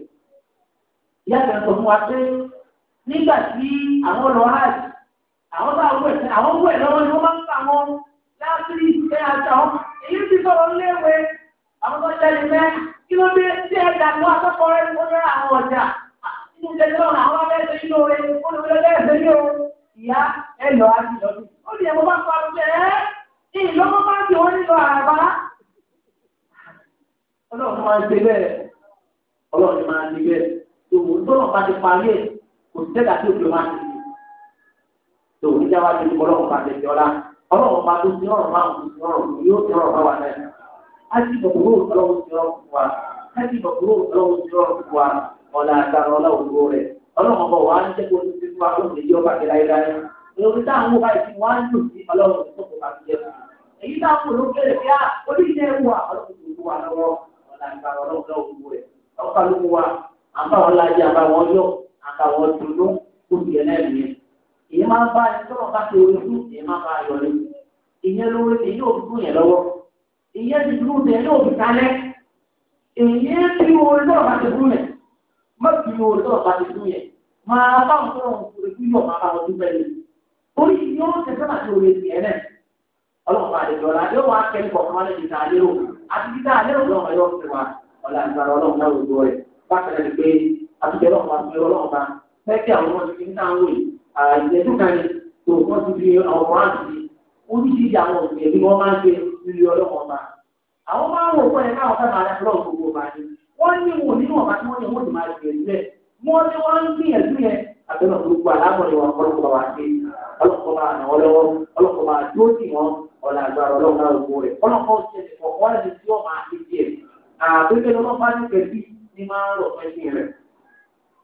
Speaker 1: ìyá kan sọ fún wa pé nígbà tí ìfẹ́ àtàwọn èyí ti sọ̀rọ̀ léwe àwọn tó jáde mẹ́ kí ló dé tí ẹ dàgbà akẹ́kọ̀ọ́ rẹ kó lọ́ra àwọn ọ̀dà nínú ìjẹ́jọ́ ọ̀nà àwọn abẹ́sẹ̀ yìí lóore ó lè wọlé bẹ́ẹ̀ yóò ìyá ẹ lọ á ti lọ bí. ó lè mọ bá ń parọ́ pé ẹ́ ìlọ́mọ bá ń fi wọ́n nílò àràbá. ọlọ́run máa ń ṣe bẹ́ẹ̀ ọlọ́run máa ń ṣe bẹ́ẹ̀ tòun tó náà bá ti parí ẹ̀ kò sí tẹ́lá tí òkè máa ń ṣe tòun níjà wá ọlọ́run máa tó ti ọ̀rọ̀ máa tó ti ọ̀rọ̀ yóò ti ọ̀rọ̀ báwa náà. a ti bọ̀ kúrò ọlọ́run ti ọ̀rọ̀ fún wa a ti bọ̀ kúrò ọlọ́run ti ọ̀rọ̀ fún wa ọ̀la àtàrà ọlọ́run tó rẹ̀ ọlọ́run ọ̀bọ̀ wa ń jẹ́kọ̀ọ́ tó ti fún wa lóun èyí ọba kẹlẹ́ ayélujára lórí táwọn ọba ìsìn wa ń lò sí ọlọ́run tó kò bá ti jẹ́ fún èyí táwọn olókèrè bí a oníṣẹ́ wà ọlọ́run tó wà lọ́wọ́ ọ̀la àtàrà ọlọ́run tó rẹ̀ ọ̀kàlùkù wa àbáwọn lájẹ àbáwọn yọ àtàwọn dundun kò tiẹ̀ náà nìyẹn èyí máa ń bá ẹni tọ́lọ̀ bá ti orí fún èyí máa bá ayọ̀ ni ìyẹn lówó ti yóò fún yẹn lọ́wọ́ ìyẹn ti dúró tẹ yóò fi kalẹ̀ èyí ti orí tọ́lọ̀ bá ti fún yẹn má fi orí tọ́lọ̀ bá ti fún yẹn máa bá wọn tọ́lọ̀ orí fún yọ̀ máa bá wọn dúpẹ́ ni orí yóò tẹ sábà ti orí ti yẹn náà ọlọ́run bá àlejò ọ̀la yóò wá kẹ́lí kọ̀ọ̀kan wá lẹ́yìn tá a lérò àti títà a lérò lọ́wọ́ yóò fẹ́ kí àwọn ọmọ tuntun náà wòye àìyẹ́dù kan ní tó wọ́n ti fi ọ̀pọ̀ àti oríṣiríṣi àwọn òṣèlú ni wọ́n máa ń ṣe nílé ọlọ́wọ́ máa. àwọn máa ń wò fún ẹ káwọn fẹ́ máa lọ gbogbo bá ní. wọ́n ní wò nínú ọ̀bá tí wọ́n ní wọ́n ti máa ṣe ìlẹ̀ wọ́n ní wọ́n ń gbìyànjú yẹn àbẹ̀rẹ̀ gbogbo alámọ̀lẹ̀ wọn ọlọ́kọ̀ bá ṣe ọlọ́kọ̀ bá ràn wọ́n lọ́wọ́ ọlọ́kọ̀ bá dúró tì wọ́n ọ̀nà àgbàrá ọlọ́kọ̀ ògbó rẹ̀ ọlọ́kọ̀ ṣẹlẹ̀ fọ̀ wọ́n lè ti ní pẹ̀lú ní máa ń rọ̀ fẹ́ sí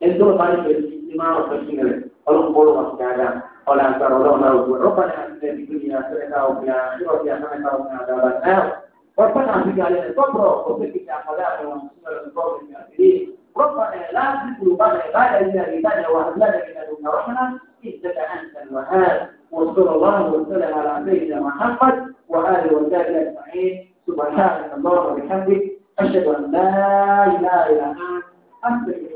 Speaker 1: ẹjọ́ bá ní pẹ̀lú ní máa ń pẹ̀lú rẹ̀ ọlọ́pọ̀lọ́ wọn ti dáadáa ọ̀là àgbàrọ̀ ọlọ́run àwùjọ rọ́pàdà àti ẹ̀mí tó ní àtẹ́lẹ́ta òfin àti àtẹ́lẹ́ta òfin àdàbà náà ربنا اعطيك علينا الصبر وفكك اقلامنا وانصرنا من قوم الكافرين ربنا لا تزغ قلوبنا بعد إذ هديتنا وهب لنا من لدنك رحمة إنك أنت الوهاب وصلى الله وسلم على سيدنا محمد وآله وصحبه أجمعين سبحانك اللهم وبحمدك أشهد أن لا إله إلا أنت أستغفرك